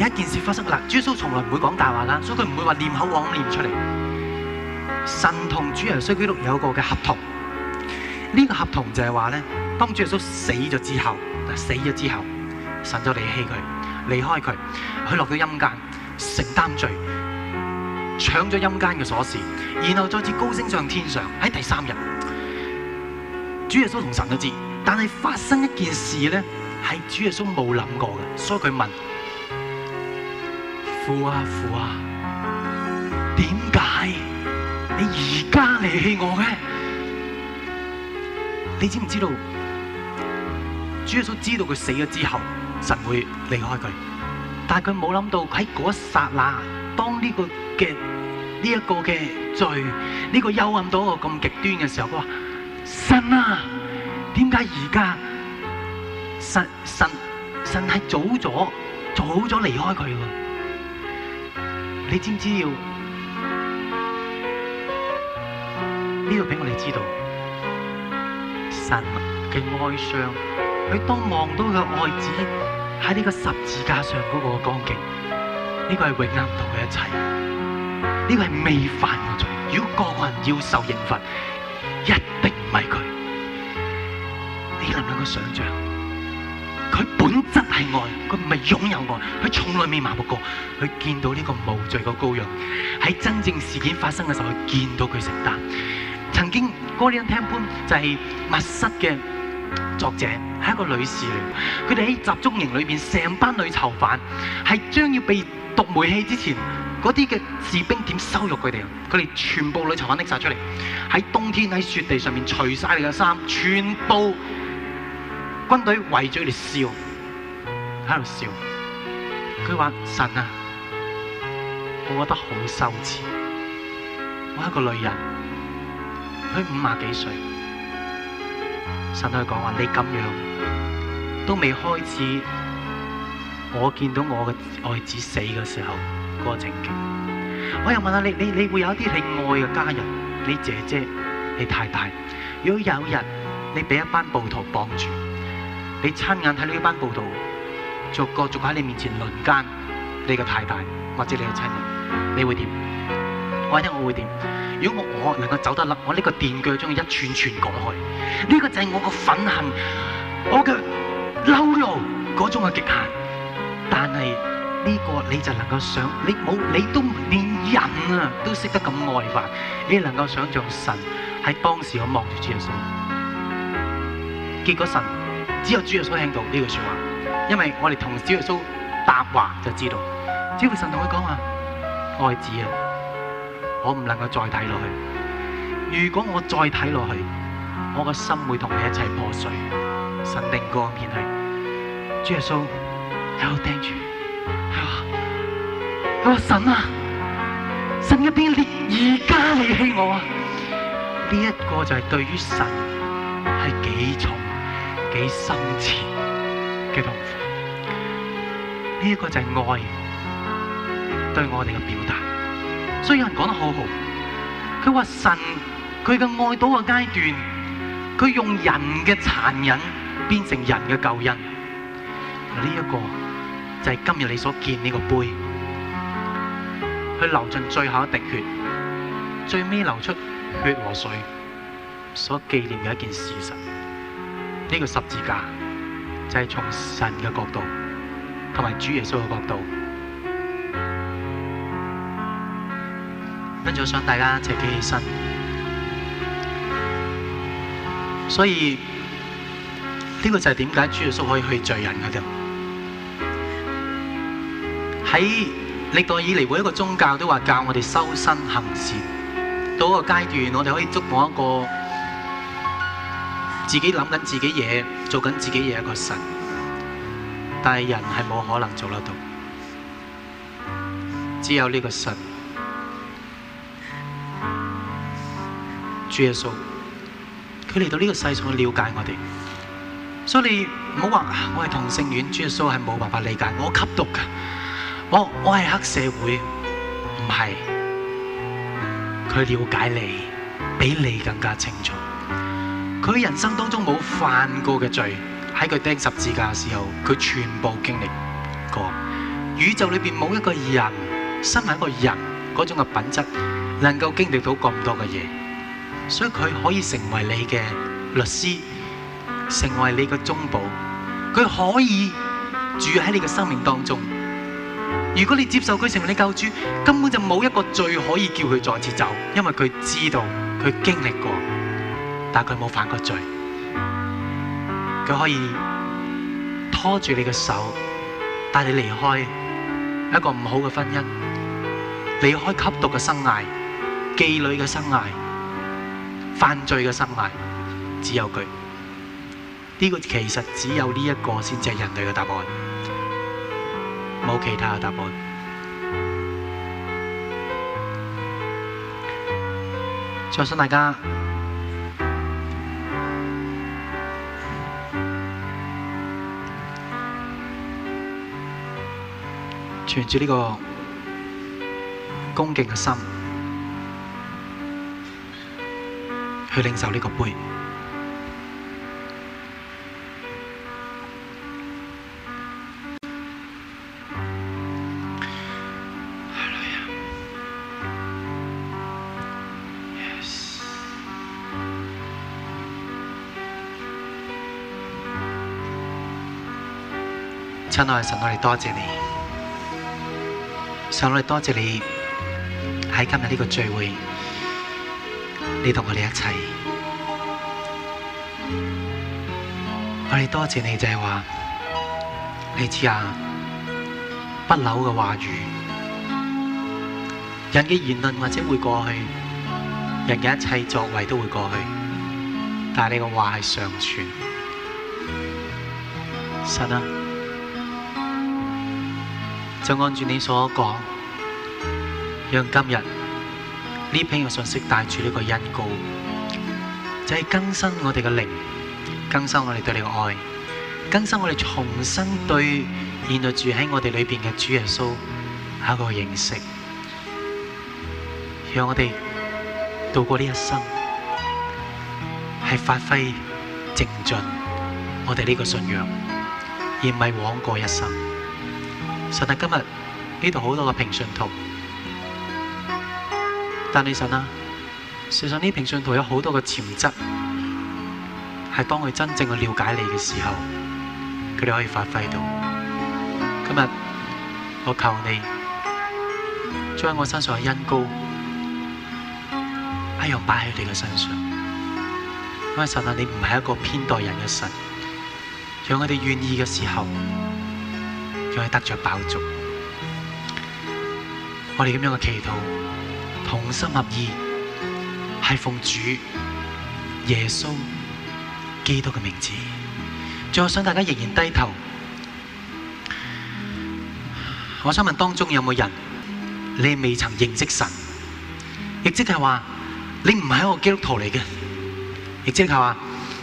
有一件事發生嗱，主耶穌從來唔會講大話啦，所以佢唔會話念口往念出嚟。神同主耶穌基督有個嘅合同，呢、這個合同就係話咧，當主耶穌死咗之後，死咗之後。神就離棄佢，離開佢，佢落到陰間，承擔罪，搶咗陰間嘅鎖匙，然後再次高升上天上。喺第三日，主耶穌同神都知，但係發生一件事咧，係主耶穌冇諗過嘅，所以佢問父啊父啊，點解你而家離棄我嘅？你知唔知道？主耶穌知道佢死咗之後。神會離開佢，但係佢冇諗到喺嗰一剎那，當呢個嘅呢一個嘅罪，呢個幽暗到一個咁極端嘅時候，佢話：神啊，點解而家神神神係早咗早咗離開佢？你知唔知要呢度俾我哋知道神嘅哀傷？佢當望到佢嘅愛子。喺呢個十字架上嗰個光景，呢個係永壓唔到嘅一切。呢個係未犯嘅罪。如果個個人要受刑罰，一定唔係佢。你諗唔諗個想象？佢本質係愛，佢唔係擁有愛，佢從來未麻木過。佢見到呢個無罪嘅羔羊，喺真正事件發生嘅時候，佢見到佢承擔。曾經哥林聽潘就係密室嘅。作者係一個女士嚟，佢哋喺集中營裏邊，成班女囚犯係將要被毒煤氣之前，嗰啲嘅士兵點羞辱佢哋啊？佢哋全部女囚犯拎晒出嚟，喺冬天喺雪地上面除晒你嘅衫，全部軍隊圍住佢哋笑，喺度笑。佢話：神啊，我覺得好羞恥，我係一個女人，佢五廿幾歲。神都係講話你咁樣都未開始，我見到我嘅愛子死嘅時候嗰個情景。我又問下、啊、你，你你會有一啲你愛嘅家人，你姐姐，你太太，如果有日你俾一班暴徒綁住，你親眼睇到一班暴徒逐個逐個喺你面前輪姦你嘅太太或者你嘅親人，你會點？或者我會點。如果我我能夠走得甩，我呢個電鋸將佢一串串割去，呢個就係我個憤恨，我嘅嬲怒嗰種嘅極限。但係呢個你就能夠想，你冇你都連人啊都識得咁愛法，你能夠想像神喺當時我望住主耶穌。結果神只有主耶穌聽到呢句説話，因為我哋同主耶穌答話就知道，只會神同佢講話，愛子啊！我唔能夠再睇落去。如果我再睇落去，我個心會同你一齊破碎。神定個面係，主耶穌喺度盯住，係話，係話神啊，神一邊你而家離棄我啊。呢、這、一個就係對於神係幾重、幾深切嘅痛苦。呢、這、一個就係愛對我哋嘅表達。所以有人講得好好，佢話神佢嘅愛到嘅階段，佢用人嘅殘忍變成人嘅救恩。呢一個就係今日你所見呢個杯，佢流盡最後一滴血，最尾流出血和水，所紀念嘅一件事實。呢個十字架就係從神嘅角度同埋主耶穌嘅角度。跟住我想大家一齊企起身，所以呢、這個就係點解主耶穌可以去罪人嘅咧？喺歷代以嚟每一個宗教都話教我哋修身行事。到一個階段，我哋可以觸碰一個自己諗緊自己嘢、做緊自己嘢一個神，但係人係冇可能做得到，只有呢個神。主耶穌，佢嚟到呢個世上去了解我哋，所以你唔好話我係同性戀，主耶穌係冇辦法理解我吸毒㗎，我我係黑社會，唔係。佢了解你，比你更加清楚。佢人生當中冇犯過嘅罪，喺佢釘十字架嘅時候，佢全部經歷過。宇宙裏邊冇一個人，身為一個人嗰種嘅品質，能夠經歷到咁多嘅嘢。所以佢可以成為你嘅律師，成為你嘅中保。佢可以住喺你嘅生命當中。如果你接受佢成為你救主，根本就冇一個罪可以叫佢再次走，因為佢知道佢經歷過，但佢冇犯過罪。佢可以拖住你嘅手，帶你離開一個唔好嘅婚姻，離開吸毒嘅生涯、妓女嘅生涯。犯罪嘅心態只有佢，呢個其實只有呢一個先至係人類嘅答案，冇其他嘅答案。祝願大家存住呢個恭敬嘅心。去領受呢個杯。 Yes. 親愛的神，我哋多謝你；上來多謝你喺今日呢個聚會。你同我哋一齊，我哋多謝你就係話，你知道啊，不朽嘅話語，人嘅言論或者會過去，人嘅一切作為都會過去，但係你嘅話係常存。神啊，就按住你所講，讓今日。呢篇個信息帶住呢個恩膏，就係、是、更新我哋個靈，更新我哋對你個愛，更新我哋重新對現在住喺我哋裏面嘅主耶穌一個認識，讓我哋度過呢一生係發揮精進我哋呢個信仰，而唔係枉過一生。神啊，今日呢度好多個平信徒。但你神啊，事實呢平信徒有好多嘅潛質，係當佢真正去了解你嘅時候，佢哋可以發揮到。今日我求你將我身上嘅恩膏一樣擺喺你嘅身上。因為神啊，你唔係一個偏待人嘅神，讓我哋願意嘅時候，讓佢得着飽足。我哋咁樣嘅祈禱。同心合意，係奉主耶穌基督嘅名字。最後想大家仍然低頭，我想問當中有冇人你未曾認識神，亦即係話你唔係一個基督徒嚟嘅，亦即係話，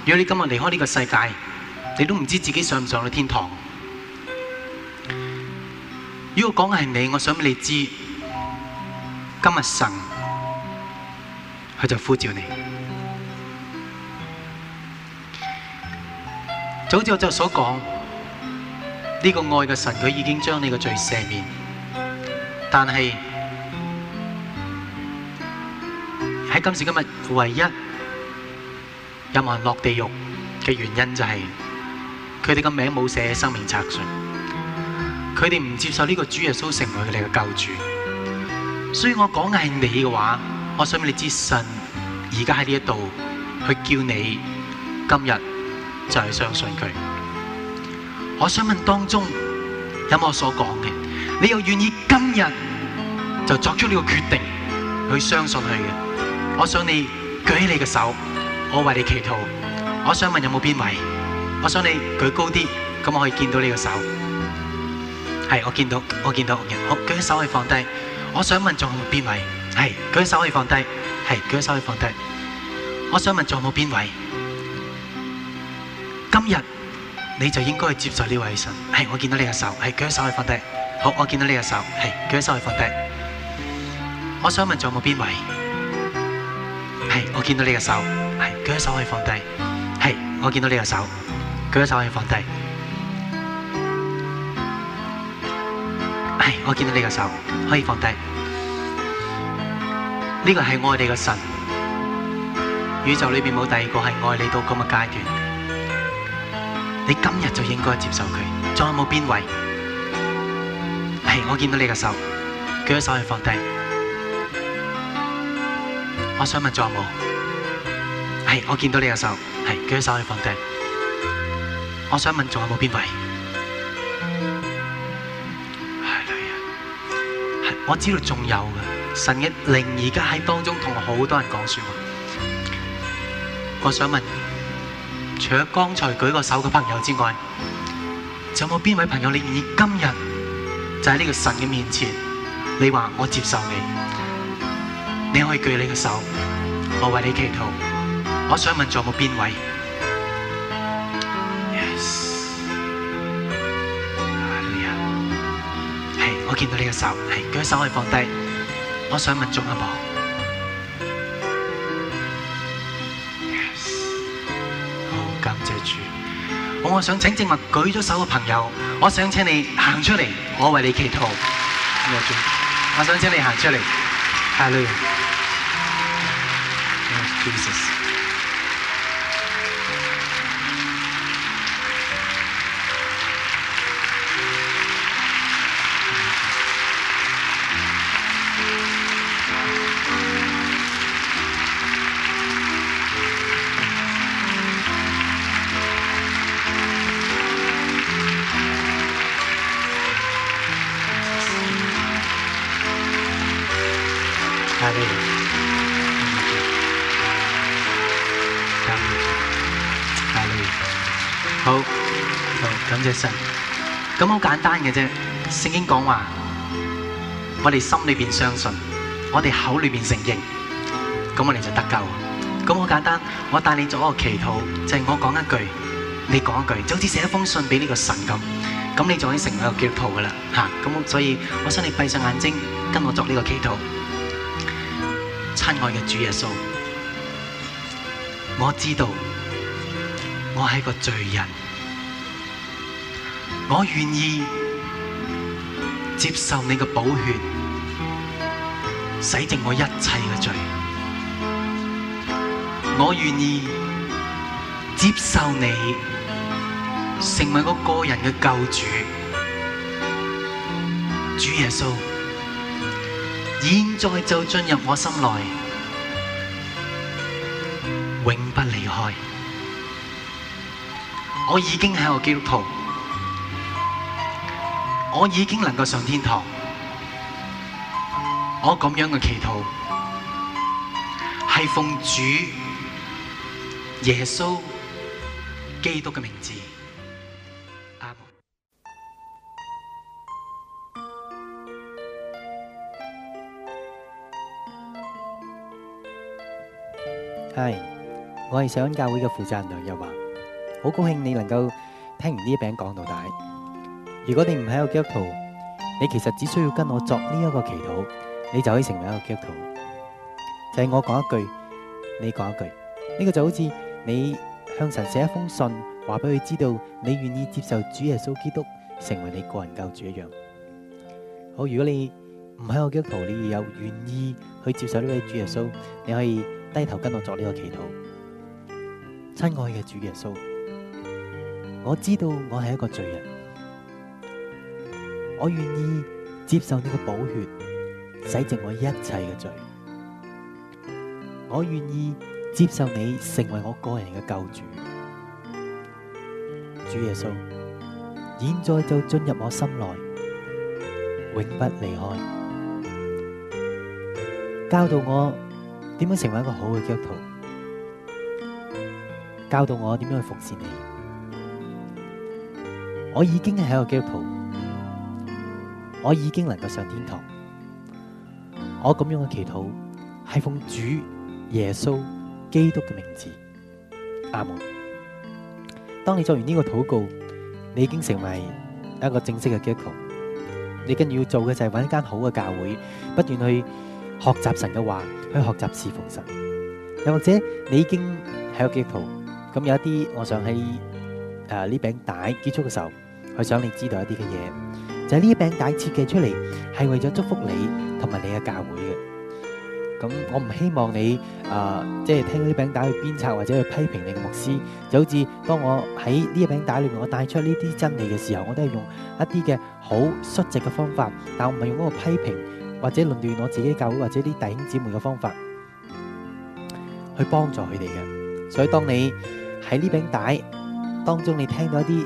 如果你今日離開呢個世界，你都唔知自己上唔上到天堂。如果講係你，我想俾你知。今日神佢就呼召你，早知我就，就所講呢個愛嘅神，佢已經將你嘅罪赦免。但係喺今時今日，唯一任何人落地獄嘅原因，就是，就係佢哋個名冇寫喺生命冊上，佢哋唔接受呢個主耶穌成為佢哋嘅救主。所以我講嘅係你嘅話，我想畀你知，神而家喺呢一度，去叫你今日就去相信佢。我想問當中有冇我所講嘅？你又願意今日就作出呢個決定去相信佢嘅？我想你舉起你嘅手，我為你祈禱。我想問有冇邊位？我想你舉高啲，咁我可以見到你嘅手。係，我見到，我見到。好，舉起手可以放低。我想問仲有冇邊位？係，舉手可以放低。係，舉手可以放低。我想問仲有冇邊位？今日你就應該去接受呢位神。係，我見到你嘅手。係，舉手可以放低。好，我見到你嘅手。係，舉手可以放低。我想問仲有冇邊位？係，我見到你嘅手。係，舉手可以放低。係，我見到你嘅手，手，手。舉手可以放低。係，我見到你個手可以放低，呢個係愛你嘅神，宇宙裏邊冇第二個係愛你到咁嘅階段。你今日就應該接受佢，仲有冇邊位？係，我見到你個手，舉起手去放低。我想問仲有冇？係，我見到你個手，係，舉起手去放低。我想問仲有冇邊位？我知道仲有㗎，神嘅靈而家喺當中同好多人講說話。我想問，除咗剛才舉過手嘅朋友之外，仲有冇邊位朋友你願意今日就喺呢個神嘅面前，你話我接受你，你可以舉你嘅手，我為你祈禱。我想問，仲有冇邊位？手係舉手可以放低，我想問鍾阿婆。感謝主，我我想請靜默舉咗手嘅朋友，我想請你行出嚟，我為你祈禱。阿眾，我想請你行出嚟。Hallelujah。Yes, Jesus. 咁好簡單嘅啫，聖經講話，我哋心裏邊相信，我哋口裏邊承認，咁我哋就得救。咁好簡單，我帶你做一個祈禱，就係、是、我講一句，你講一句，就好似寫一封信俾呢個神咁。咁你就可以成為一個基督徒噶啦，嚇、啊。咁所以，我想你閉上眼睛，跟我作呢個祈禱。親愛嘅主耶穌，我知道我係個罪人。我願意接受你嘅寶血，洗淨我一切嘅罪。我願意接受你，成為我個人嘅救主。主耶穌，現在就進入我心內，永不離開。我已經係個基督徒。我已經能夠上天堂，我咁樣嘅祈禱係奉主耶穌基督嘅名字。阿門。係，我係想教會嘅負責人梁日華，好高興你能夠聽完呢一餅講道帶。如果你唔喺個基督徒，你其實只需要跟我作呢一個祈禱，你就可以成為一個基督徒。就係我講一句，你講一句，呢個就好似你向神寫一封信，話俾佢知道你願意接受主耶穌基督成為你個人救主一樣。好，如果你唔喺個基督徒，你有願意去接受呢位主耶穌，你可以低頭跟我作呢個祈禱。親愛嘅主耶穌，我知道我係一個罪人。我願意接受你嘅寶血洗淨我一切嘅罪，我願意接受你成為我個人嘅救主，主耶穌，現在就進入我心內，永不離開，教導我點樣成為一個好嘅基督徒，教導我點樣去服侍你，我已經係一個基督徒。我已經能夠上天堂。我咁樣嘅祈禱係奉主耶穌基督嘅名字，阿門。當你做完呢個禱告，你已經成為一個正式嘅基督徒。你跟住要做嘅就係揾一間好嘅教會，不斷去學習神嘅話，去學習侍奉神。又或者你已經係個基督徒，咁有一啲，我想喺誒呢餅帶結束嘅時候，去想你知道一啲嘅嘢。就係呢一餅帶設計出嚟，係為咗祝福你同埋你嘅教會嘅。咁我唔希望你啊、呃，即係聽到呢餅帶去鞭策或者去批評你嘅牧師。就好似當我喺呢一餅帶裏面，我帶出呢啲真理嘅時候，我都係用一啲嘅好率直嘅方法，但我唔係用嗰個批評或者論斷我自己教會或者啲弟兄姊妹嘅方法去幫助佢哋嘅。所以當你喺呢餅帶當中，你聽到一啲